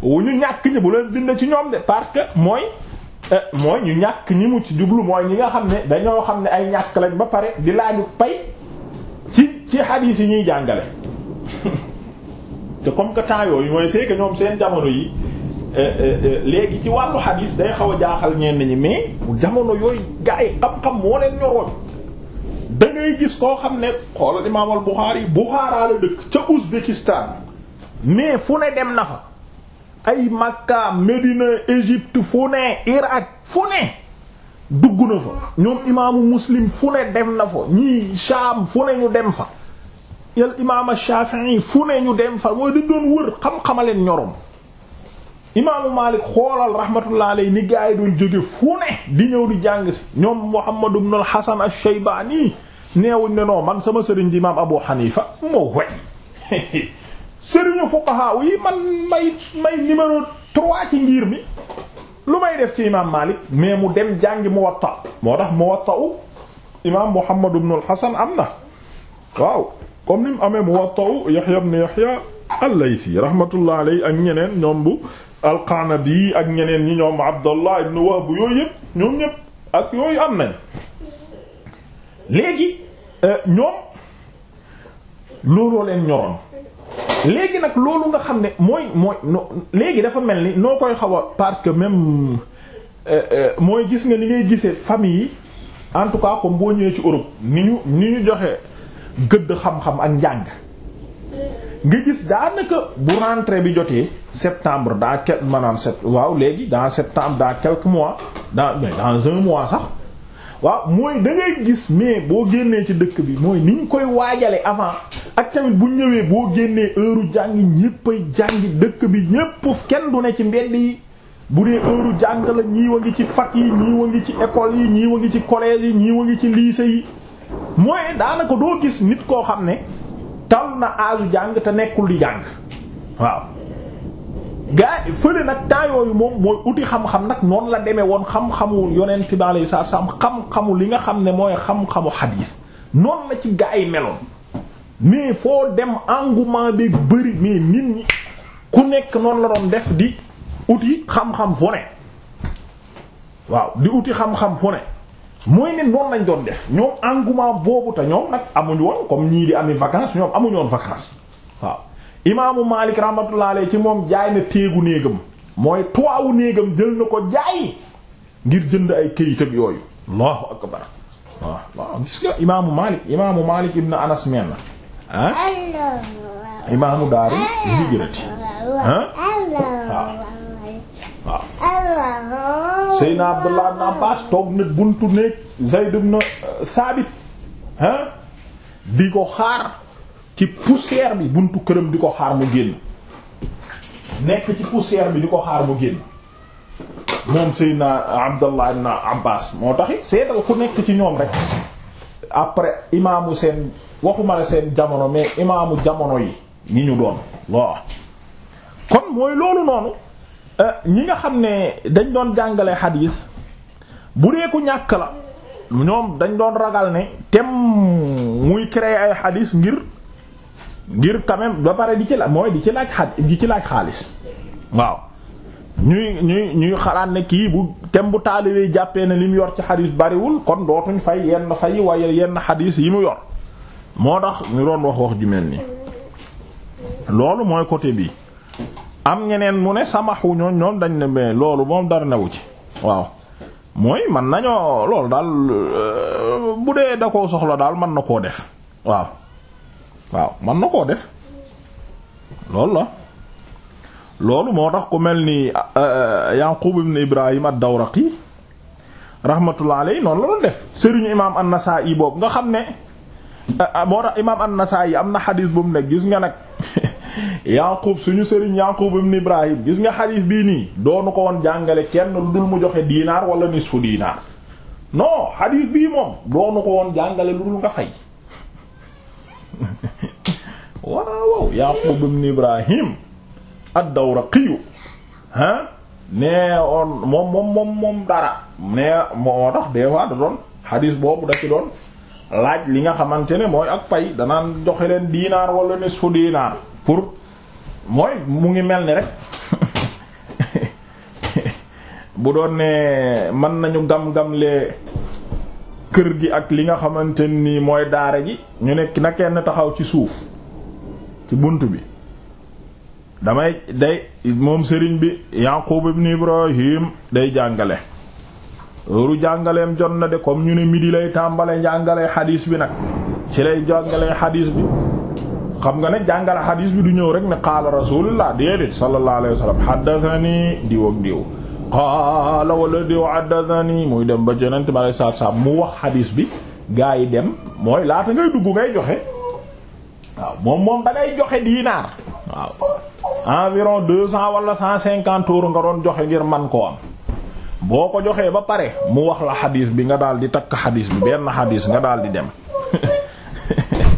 wu ñu ñàkk ñi bu leen bind ci ñoom de parce que mooy euh, mooy ñu ñàkk ñi mu ci jublu mooy ñi nga xam ne dañoo xam ne ay ñàkk lañ ba pare di laaju pay ci ci hadith yi ñuy jàngale te comme que temps yooyu mooy c'est que ñoom seen jamono yi euh, euh, léegi ci wàllu hadith day xaw a jaaxal ñenn ñi mais jamono yooyu gaa yi xam-xam moo leen ñoroon da ngay gis koo xam ne xoolal imaam al Bukhari Bukhara la dëkk ca Ouzbékistan mais fu ne dem na fa ay Makka Médina Égypte fu ne Irak fu ne dugg na fa ñoom imaamu Muslim fu ne dem na fa ñii Shaam fu ne ñu dem fa yal imaam Shafi'i fu ne ñu dem fa mooy dañ doon wër xam-xamaleen ñorom imaamu Maalik xoolal rahmatullah alayhi ni gaa yi doon jóge fu ne di ñëw di jàng si ñoom Muhammad ibn al-Hasan ash-Shaybani neewuñ ne non man sama sëriñ di imaam Abu Hanifa moo way sëriñu fuqaha yi man may may numéro trois ci ngir mi lu may def ci imaam Maalik mais mu dem jàngi Muwatta moo tax Muwatta u imaam Muhammad ibn al-Hasan am na waaw comme ni amee Muwatta u Yahya ibn Yahya al-Laythi rahmatullah alayhi ak ñeneen ñoom bu al ak ñeneen ñi ñoom Abdallah ibn Wahb yooyu ak yooyu am nañ léegi euh, ñoom looloo leen ñoroon léegi nag loolu nga xam ne mooy mooy léegi dafa mel ni noo koy xaw a parce que même euh, euh, mooy gis nga ni ngay gisee famille yi en tout cas comme boo ñëwee ci Europe ni ñu ni ñu joxe gëdd xam-xam ak njàng. nga gis daanaka bu rentrée bi jotee septembre dans quel maanaam sept waaw léegi dans septembre dans quelques mois dans mais dans un mois sax. waaw mooy da gis mais boo génnee ci dëkk bi mooy ni ñu koy waajale avant ak tamit bu ñëwee boo génnee heure jàng ñéppay jàngi dëkk bi ñépp kenn du ne ci mbedd yi bu dee heure jàng la ñii wa ngi ci fat yi ñii wa ngi ci école yi ñii wa ngi ci collège yi ñii ngi ci lycée yi mooy daanaka doo gis nit koo xam ne tal na aasu jàng te nekkul di jàng waaw gaa fële nag temps yooyu moom mooy uti xam-xam nag noonu la demee woon xam-xamu yonent bi alayhi salaatu salaam xam-xamu li nga xam ne mooy xam-xamu xadiis noonu la ci gaa yi meloon mais foo dem engouement bi bëri mais nit ñi ku nekk noonu la doon def di uti xam-xam fu ne waaw di uti xam-xam fu ne mooy ne noonu lañ doon def ñoom engouement boobu te ñoom nag amuñ woon comme ñii di ami vacances ñoom amuñu woon waaw. imaamu Maalik rahmatullah alayhi ci moom jaay na téegu néegam mooy tuwaawu néegam jël na ko jaay ngir jënd ay këyitam yooyu allahu akbar waaw waaw imaamu Maalik ibn Anas men na ah? imaamu daaru hijrati ah waaw waaw Abdullah ibn Abbaas toog na buntu néeg Zayd ibn Saabit ah di ko xaar ci poussière bi buntu këram di ko xaar mu génn nekk ci poussière bi di ko xaar mu génn moom Seydina Abdallah ibn Abbas moo taxi seetal ku nekk ci ñoom rek après imaamu seen waxuma la seen jamono mais imaamu jamono yi ñi ñu doon waaw kon mooy loolu noonu eh, ñi nga xam ne dañ doon jàngale xadiis bu dee ku ñàkk la ñoom dañ doon ragal ne tem muy créer ay xadiis ngir ngir quand même ba pare di ci la mooy di ci laaj xa di ci laaj xaalis waaw ñuy ñuy ñuy xalaat ne kii bu tem bu taalibee jàppee na li mu yor ci xadis bariwul kon dootuñ fay yenn fay waaye yenn xadis yi mu yor moo tax ñu doon wax wax ju mel nii loolu mooy côté bi am ñeneen mu ne samaxu ñoom dañ ne mais loolu moom dara newu ci waaw mooy man nañoo loolu daal euh, bu dee da koo soxla daal mën na koo def waaw waaw man na koo def loolu la loolu moo tax ku mel ni ah, ah, ah, Yaqub ibn Ibrahim ad-Dawraqi rahmatullah alayhi noonu la doon def sëriñu imaam an-Nasa'i boobu nga xam ne moo tax imaam an-Nasa'i am na xadiis bu mu ne gis nga nag Yaqub suñu sëriñ Yaqub ibn Ibrahim gis nga xadiis bii nii doonu ko woon jàngale kenn lu dul mu joxe diinaar wala nisfu diinaar non xadiis bii moom doonu ko woon jàngale lu dul nga fay waaw Yaqub ibn Ibrahim ad-Dawraqiyu ah nee on moom moom moom dara nee moo tax des fois da doon xadiis boobu da ci doon laaj li nga xamante ne mooy ak pay danaan joxe leen diinaar wala ne su diinaar pour mooy mu ngi mel ni rek bu doon ne mën nañu gam gamle kër gi ak li nga xamante nii mooy daara gi ñu nekk na kenn taxaw ci suuf ci bunt bi damay day moom sëriñ bi Yaqub ibn Ibrahim day jàngale loolu jàngaleem jot na de comme ñu ne midi lay tàmbale njàngale xadiis bi nag ci lay jàngale xadiis bi xam nga ne jàngale xadiis bi du ñëw rek ne qaala rasulullah déedéet sallallahu alayhi wa sallam haddathani diw ak muy dem ba jonante ma lay saab saab mu wax xadiis bi gaa yi dem mooy laata ngay dugg ngay joxe waaw moom moom da ngay joxe diinaar waaw environ deux cent wala cent cinquante euros nga doon joxe ngir man koo am boo ko joxee ba pare mu wax la xadiis bi nga daal di takk xadiis bi benn xadiis nga daal di dem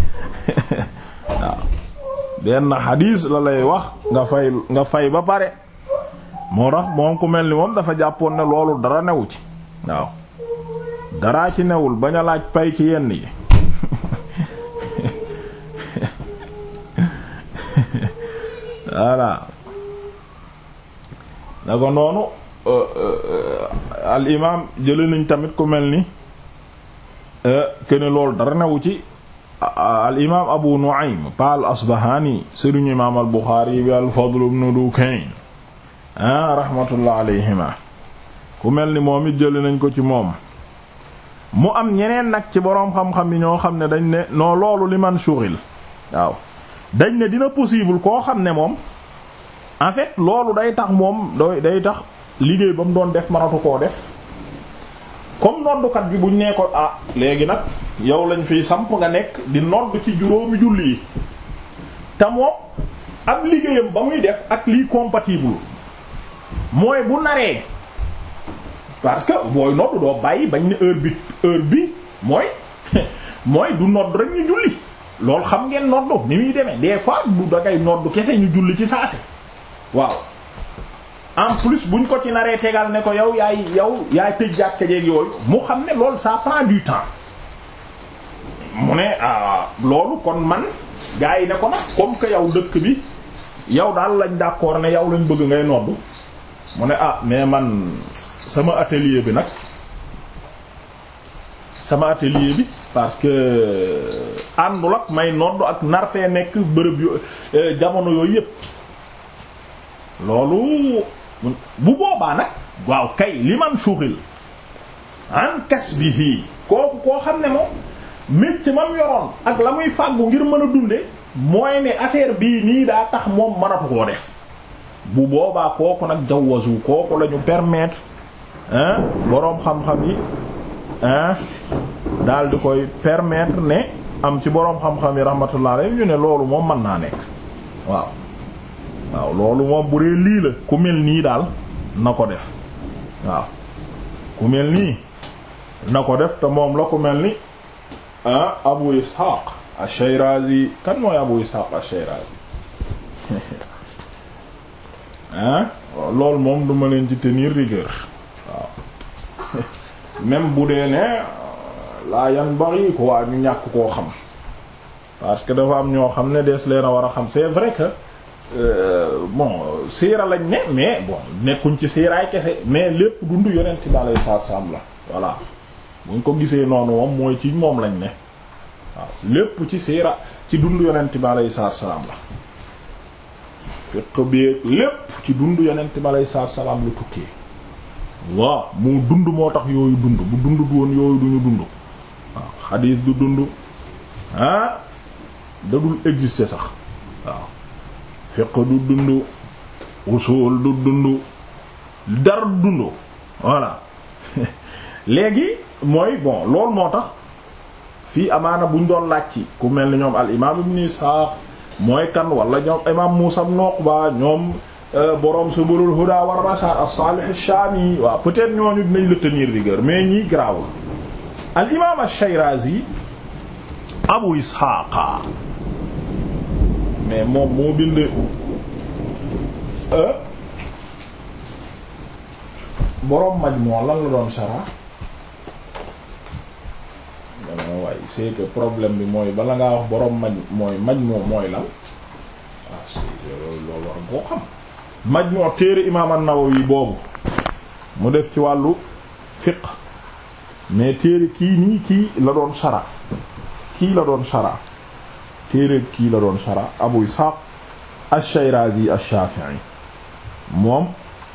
waaw benn xadiis la lay wax nga fay nga fay ba pare moo tax moom ku mel ni moom dafa jàppoon ne loolu dara newu ci waaw daraa ci newul bañ a laaj pay ci yenn yi voilà na ko noonu euh, euh, euh, al imaam jële nañ tamit ku mel ni kene loolu dara newu ci al imaam abu nu'aym pa asbahani sëriñu imaam al buxaari bi al fadl ibn dukayn ah rahmatullah alayhima ku mel ni moom it jële ko ci moom mu am ñeneen nag ci boroom xam-xam yi ñoo xam ne dañ ne noo loolu li man shughil waaw dañ ne dina possible koo xam ne moom en fait loolu day tax moom day day tax liggéey ba mu doon def manatu koo def comme noddukat bi buñ nee ko ah léegi nag yow lañ fi samp nga nekk di nodd ci juróomi julli yi te moom ab liggéeyam ba muy def ak lii compatible mooy bu naree parce que booy nodd doo bàyyi bañ ne heure bi heure bi mooy mooy du nodd rek ñu julli loolu xam ngeen noddu ni muy demee des fois bu dangay noddu kese ñu julli ci saase waaw en plus buñ ko ci naree tegal ne ko yow yaay yow yaay tëj jàkka jeeg yooyu mu xam ne loolu ça du temps mu ne ah loolu kon man gars yi ne ko nag comme que yow dëkk bi yow daal lañ d'accord ne yow lañ bëgg ngay noddu mu ne ah mais man sama atelier bi nag. sama atelier bi parce que euh, àndul ak may noddu ak nar nekk bërëb yo euh, jamono yooyu yépp loolu bu boobaa nag waaw kay li man shughil bi kasbihi kooku koo xam ne moom métti mam yoroon ak la muy fàggu ngir mën a dunde mooy ne affaire bii nii daa tax moom mënatu koo def bu boobaa kooku nag jawazu kooku la ñu permettre hein boroom xam-xam yi daal di koy permettre ne am ci boroom xam-xam yi rahmatullah alayhi ñu ne loolu moom mën naa nekk waaw waaw loolu moom bu dee lii la ku mel nii daal na ko def waaw ku mel nii na ko def te moom la ko mel ni Abu Ishaq ash-Shirazi kan mooy Abu Ishaq ash-Shirazi ah loolu moom duma leen ci tenir rigueur même bu dee ne laa yan bari quoi ñu ñàkk koo xam parce que dafa am ñoo xam ne dees leen a war a xam c'est vrai que euh, bon siira lañ ne mais bon nekkuñ ci siiraay kese mais lépp dund yonent bi alayhi salaatu salaam la voilà buñ ko gisee noonu moom ci moom lañ ne waaw ci siira ci dund yonent bi alayhi bi lépp ci dund yonent bi alayhi salaatu salaam lu tukkee waaw mu dund moo tax yooyu dund bu dund du woon yooyu duñu dund waaw xadiis du dund ah da dul exister sax waaw fiqh du dund usul du dund dara dund voilà léegi mooy bon loolu moo tax fii amaana buñ doon laaj ci ku mel ni ñoom al imaam ibn Isaaq mooy kan wala ñoom imaam Muusaa ibn Uqba ñoom Euh, borom subulul huda war rashad as-salih ash-shami waaw peut-être ñooñu dinañ la mais ñii garaawul al imam ash-shayrazi abu ishaqa mais moom moo bind euh, borom majmu' lan la doon shara dama waay c'est problème bi mooy bala ngaa wax borom maj mooy majmu' mooy lan waaw ah, c'est euh, loolu war nga xam majmu téere imaam an-Nawawi boobu mu def ci wàllu fiqh mais téere kii nii kii la doon shara kii la doon sara téere kii la doon shara Abu Ishaq ash-Shirazi moom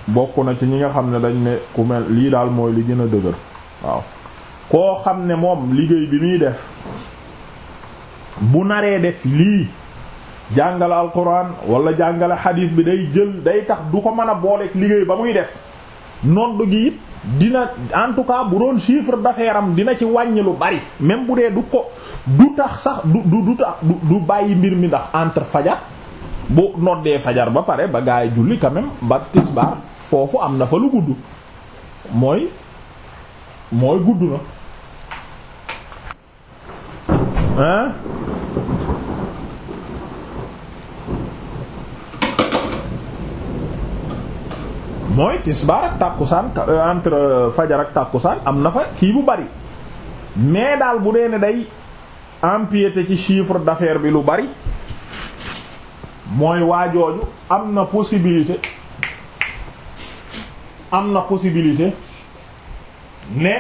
bokk na ci ñi nga xam ne dañ ne ku mel lii daal mooy li gën a dëgër waaw koo xam ne moom liggéey bi muy def bu naree def lii jàngale alquran wala jàngale xadiis bi day jël day tax du ko mën a booleeg liggéey ba muy def nodd gi it dina en tout cas bu doon chiffre dafeeram dina ci wàññi lu bari même bu dee du ko du tax sax du du tax du bàyyi mbir mi ndax entre fajar bu noddee fajar ba pare ba gaay julli quand même ba foofu am na fa lu gudd mooy mooy gudd na hein mooy tisbaar ak tàkkusaan euh, entre euh, fajar ak tàkkusaan am na fa kii bu bari mais daal bu dee ne day empiété ci chiffre d'affaires bi lu bari mooy waajooju am na possibilité am na possibilité ne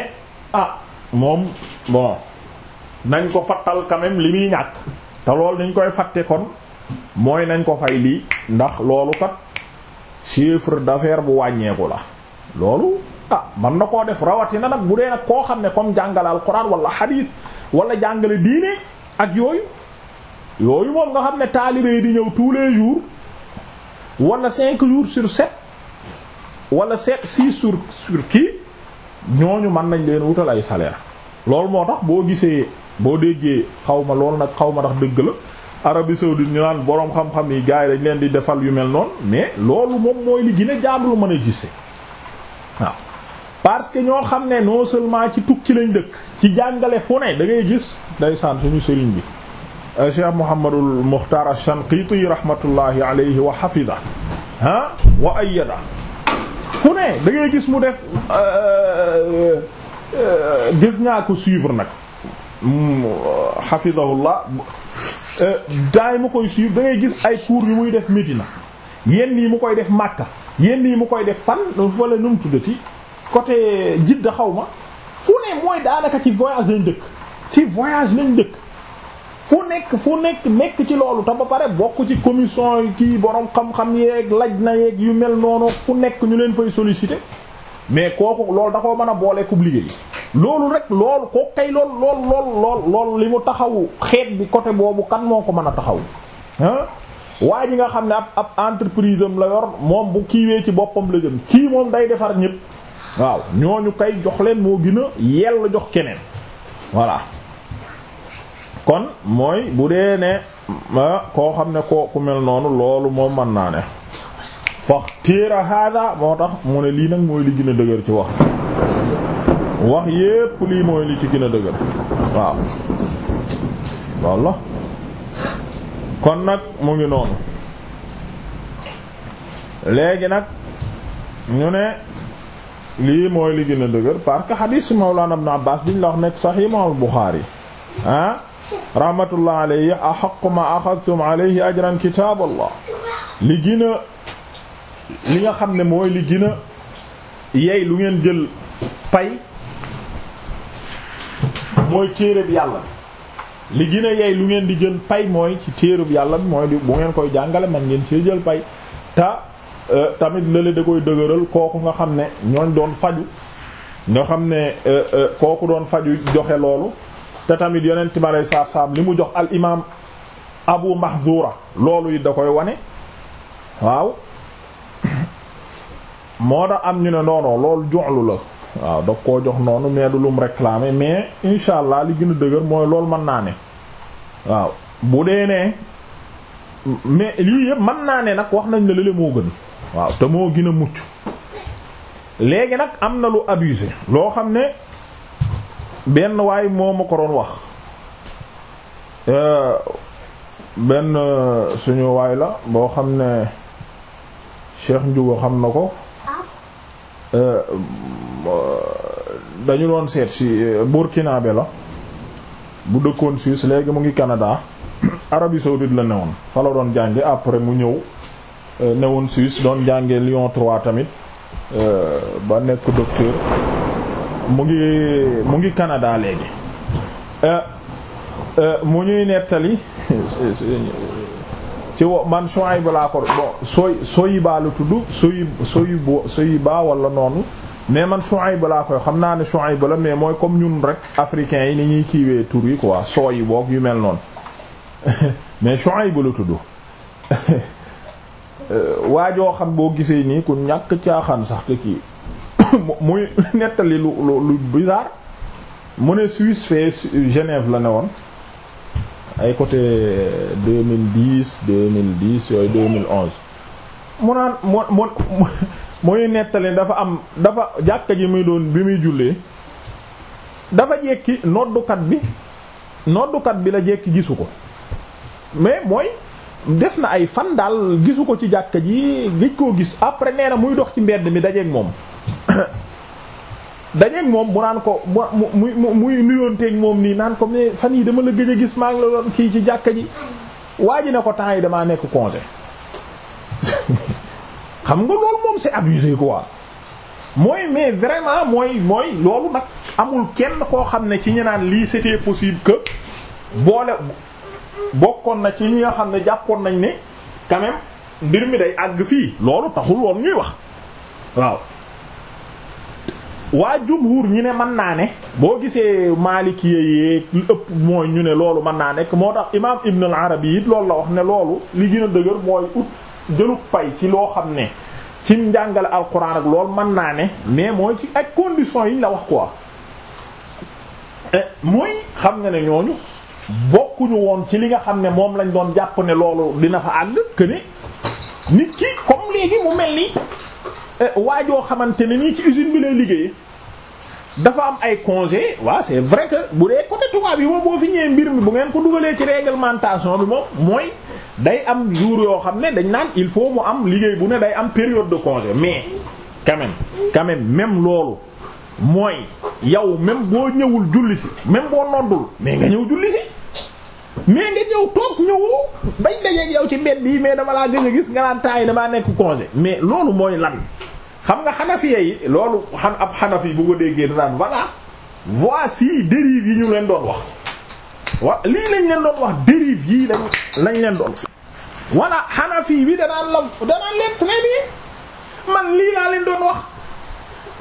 ah moom bon nañ ko fattal quand même li muy ñàkk te loolu nañ koy fatte kon mooy nañ ko fay lii ndax loolu kat chiffre d'affaires bu wàññeeku la loolu ah man na koo def rawatina nag bu dee nag koo xam ne comme jàngale alquran walla xadiis wala jàngale diine ak yooyu yooyu moom nga xam ne taalibe yi di ñëw tous les jours wala cinq jours sur sept wala sept six sur sur kii ñooñu mën nañ leen wutal ay salaire loolu moo tax boo gisee boo déggee xaw ma loolu nag xaw ma ndax dëgg la Arabie saoudite ñu naan boroom xam-xam yi gars yi dañ leen di defal yu mel noon mais loolu moom mooy li gën a jaadu lu mën a gisee waaw parce que ñoo xam ne non seulement ci tukki lañ dëkk ci jàngale fu ne da ngay gis ndeysaan suñu sëriñ bi euh, Cheikh Mouhamadul Mukhtar Ash-Shanqiti rahmatullahi alayhi wa hafida ah wa ayyada fu ne da gis mu def euh, euh, gis naa ko suivre nag mm, hafidahullah daay euh, mu koy suivre da gis ay cours yu muy def miti na yenn yi mu koy def Makka yenn yi mu koy def fan fële nu mu tuddati côté Jidda xaw ma fu ne mooy daanaka ci voyage lañ dëkk ci voyage lañ dëkk fu nekk fu nekk nekk ci loolu te ba pare bokk ci commission kii borom xam-xam yeeg laj na yéeg yu mel noonu fu nekk ñu leen fay solliciter mais kooku loolu da koo mën a boole kub liggéey loolu rek loolu kooku kay lool lool lool li mu taxaw xeet bi côté boobu kan moo ko mën a taxaw waa ji nga xam ne ab ab entreprise am la yor moom bu kiiwee ci boppam la kii moom day defar ñépp waaw ñooñu kay jox leen moo gën a yell jox keneen voilà kon mooy bu dee ne ah, koo xam ne kooku mel noonu loolu moom mën naa ne faxtiira hada moo tax mu ne lii nag mooy li gën a dëgër ci wax wax yépp lii mooy li ci gën a dëgër waaw walla kon nag mu ngi noonu léegi nag ñu ne lii mooy li gën a dëgër parce que xadiis Mawlana Ibn Abbaas biñ la nekk Sahih Imam Bukhari ah? rahmatullah alayhi axaqu ma axadtum ajran kitab li gën li nga xam ne mooy li gën a yey lu ngeen jël pay mooy téereb yàlla li gën yey lu ngeen di jël pay mooy ci téereb yàlla bi mooy di bu ngeen koy jàngale man ngeen cee jël pay ta euh, tamit lële da koy dëgëral kooku nga xam ne ñooñ doon faju nga xam ne euh, euh, kooku doon faju joxe loolu te tamit yonent mi aleyhi salaatu li mu jox al imaam Abu Mahdura loolu it da koy wone waaw moo tax am ñu ne noonoo loolu joxlu la waaw daf koo jox noonu mais du lum réclamer mais incha allah li gën a dëgër mooy loolu mën naa ne waaw bu dee ne mais lii yëpp man naa ne nag wax nañ la lële moo gën waaw te moo gën a mucc léegi nag am na lu abusé loo xam ne benn waay moo ma ko doon wax euh, benn euh, suñu waay la boo xam ne Cheikh Ndiougo xam na ko Euh, dañu doon seet ci euh, burkinabé la bu dëkkoon Suisse léegi mu ngi kanadaa Arabie saoudite la newoon fala doon jànge après mu ñëw euh, newoon Suisse doon jànge Lyon 3 tamit ba nekk docteur mu ngi mu ngi kanadaa léegi mu ñuy nettali ci wo man ba laa ko bon sooy sooy baa la tudd sooy sooy sooy baa wala noonu mais man Shuayb laa koy xam naa ne Shuayb la mais mooy comme ñun rek africains yi ni ñuy kiiwee tur yi quoi soo yi boog yu mel noonu mais Shuayb la tudd waajoo xam boo gisee nii ku ñàkk caaxaan sax te kii muy nettali lu lu lu bizarre mu ne Suisse fee Genève la ne woon ay côté 2010 euh, 2010 yooyu 2011 mu naan mu mu muy nettali dafa am dafa jàkka ji muy doon bi muy jullee dafa jékki noddukat bi noddukat bi la jékki gisu ko mais mooy def na ay fan daal gisu ko ci jàkka ji li koo gis après nee na muy dox ci mbedd mi dajeeg moom dajeeg moom mu naan ko mu mu muy nuyonteeg moom nii naan ko mais fan yi dama la gëj a gis maa la doon kii ci jàkka ji waa ji ne ko temps yi damaa nekk congé xam nga loolu moom c'est abusé quoi mooy mais vraiment mooy mooy loolu nag amul kenn koo xam ne ci ñu naan lii c'était possible que boole bokkoon na ci ñi nga xam ne jàppoon nañ ne quand mbir mi day àgg fii loolu taxul woon ñuy wax waaw. waa jumhur ñu ne mën naa ne boo gisee Maliki yeeg ëpp mooy ñu ne loolu mën naa nekk moo tax imaam Ibn al-Arabi it loolu la wax ne loolu li gën a dëgër mooy ut jëlu pay ci loo xam ne ci njàngale alquran ak loolu mën naa ne mais mooy ci ay conditions yi la wax quoi eh, mooy xam nga ne ñooñu bokkuñu woon ci li nga xam ne moom lañ doon jàpp ne loolu dina fa àgg que nit ki comme léegi mu mel ni. Euh, joo xamante ne nii ci usine bi lay liggéey dafa am ay congé waaw c'est vrai que bu dee côté tubaab yi moom boo fi ñëwee mbir mi bu ngeen ko dugalee ci réglementation bi moom mooy day am jour yoo xam ne dañ naan il faut mu am liggéey bu ne day am période de congé mais quand même quand même même loolu mooy yow même boo ñëwul julli si même boo noddul mais nga ñëw julli si mais nga ñëw toog ñëwoo bañ dajeeg yow ci mbedd yi mais dama laa gën a gis nga naan taay damaa nekk congé mais loolu mooy lan xam nga xanafiya yi loolu ab xanafi bu ko déggee danaan voilà voici dérive yi ñu leen doon wax wa lii lañ leen doon wax dérive yii lañ lañ leen doon voilà xanafi bi danaan la danaan leen très bien man lii laa leen doon wax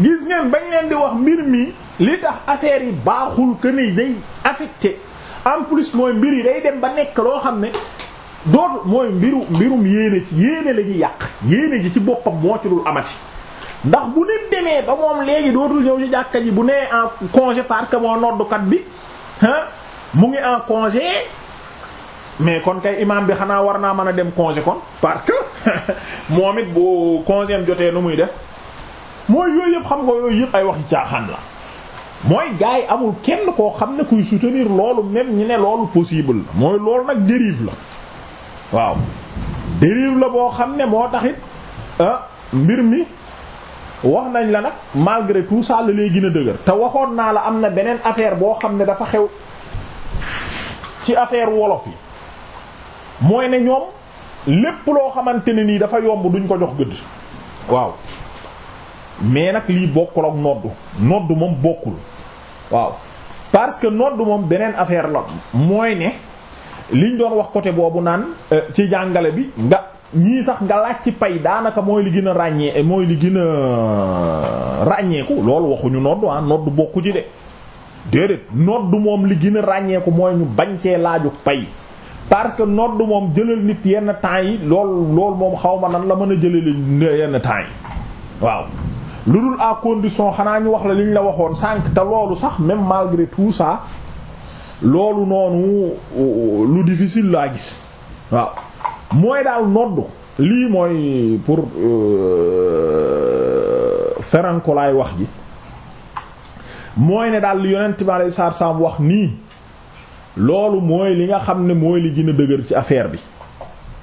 gis ngeen bañ leen di wax mbir mi li tax affaire baaxul que ni day affecté en plus mooy mbir yi day dem ba nekk loo xam ne dootu mooy mbiru mbirum yéene ci yéene la yàq yéene ji ci boppam moo amati ndax bu nit demee ba moom léegi dootul ñëw ci jàkka ji bu nee en congé parce que moo noddukat bi ah mu ngi en congé mais kon kay imam bi xanaa war naa mën a dem congé kon parce que moom it bu congé am jotee nu muy def mooy yooyu yëpp xam nga yooyu yëpp ay waxi caaxaan la mooy gars yi amul kenn koo xam ne kuy soutenir loolu même ñi ne loolu possible la mooy loolu nag dérive la waaw dérive la boo xam ne moo taxit ah mbir mi wax nañ la nag malgré tout ça la lay a dëgër te waxoon naa la am na beneen affaire boo xam ne dafa xew ci affaire wolof yi mooy ne ñoom lépp loo xamante ne nii dafa yomb duñ ko jox gëdd waaw mais nag lii bokkul ak noddu noddu moom bokkul waaw parce que noddu moom beneen affaire la mooy ne liñ doon wax côté boobu naan euh, ci jàngale bi nga ñii sax nga laaj ci pay daanaka mooy li gën a ràññee eh, mooy li gën a ràññeeku loolu waxuñu nodd ah nodd bokku ci de déedéet nodd moom li gën a ràññeeku mooy ñu bañ cee laaju pay parce que nodd moom jëlal nit yenn temps yi lool lool moom xaw ma nan la mën a jëlale yenn temps yi waaw lu dul à xanaa ñu wax la liñ la waxoon sànq te loolu sax même malgré tout ça loolu noonu euh, lu difficile laa gis waaw mooy daal noddu lii mooy pour euh, ferankolaay wax ji mooy ne daal li yonent bi alei salaam wax nii loolu mooy li nga xam ne mooy li gën a ci affaire bi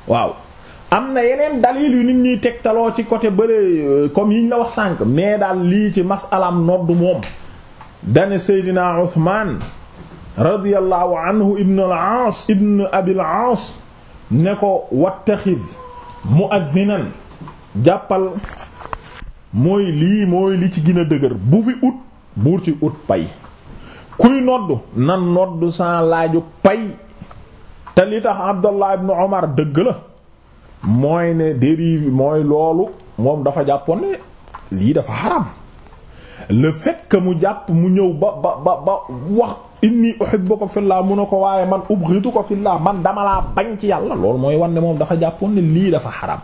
waaw am na yeneen dalil yu nit ñuy tegtaloo ci côté bële euh, comme yiñ la wax sànq mais daal lii ci masalaam nodd moom dane Seydina Uthman radiyallahu anhu ibn al-Aas ibn Abil Aas ne ko wattaxid muaddinan jàppal mooy lii mooy li ci gina a dëgër bu fi ut buur ci ut pay kuy nodd na nodd sans laaju pay te li tax Abdallah ibn Omar dëgg la mooy ne dérive mooy loolu moom dafa jàppoon lii dafa xaram le fait mu jàpp mu ñëw ba ba ba wax inni uhibbuka fillah mun na ko waaye man ubghiduka fillah man dama laa bañ ci yàlla loolu mooy wan ne moom dafa jàppoon ne lii dafa xaram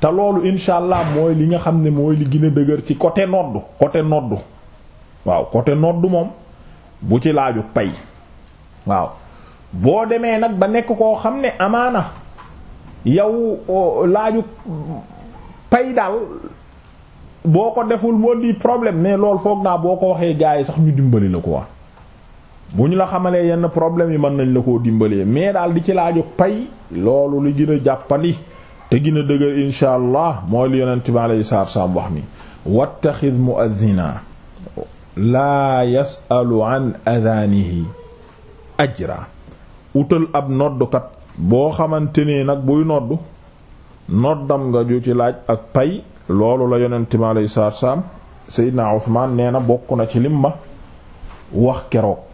te loolu insha allah mooy li nga xam ne mooy li gën dëgër ci côté noddu côté noddu waaw côté noddu moom bu ci laaju pay waaw boo demee nag ba nekk koo xam ne amaana yow laaju pay daal boo ko deful moo di problème mais loolu foog naa boo ko waxee gaa yi sax ñu dimbali la quoi. bu ñu la xamalee yenn problème yi mën nañ la koo dimbalee mais daal di ci laaju pay loolu li gën jàppali te gën a dëgër insha allah mooy li yonent bi alayhi salaatu salaam mi ni wattaxid mu'adhina laa yasalu an adanihi ajra utal ab noddukat boo xamante ne nag buy nodd noddam nga ju ci laaj ak pay loolu la yonent bi alayhi salaatu salaam Seydina Usmaan nee na bokk na ci lim wax keroog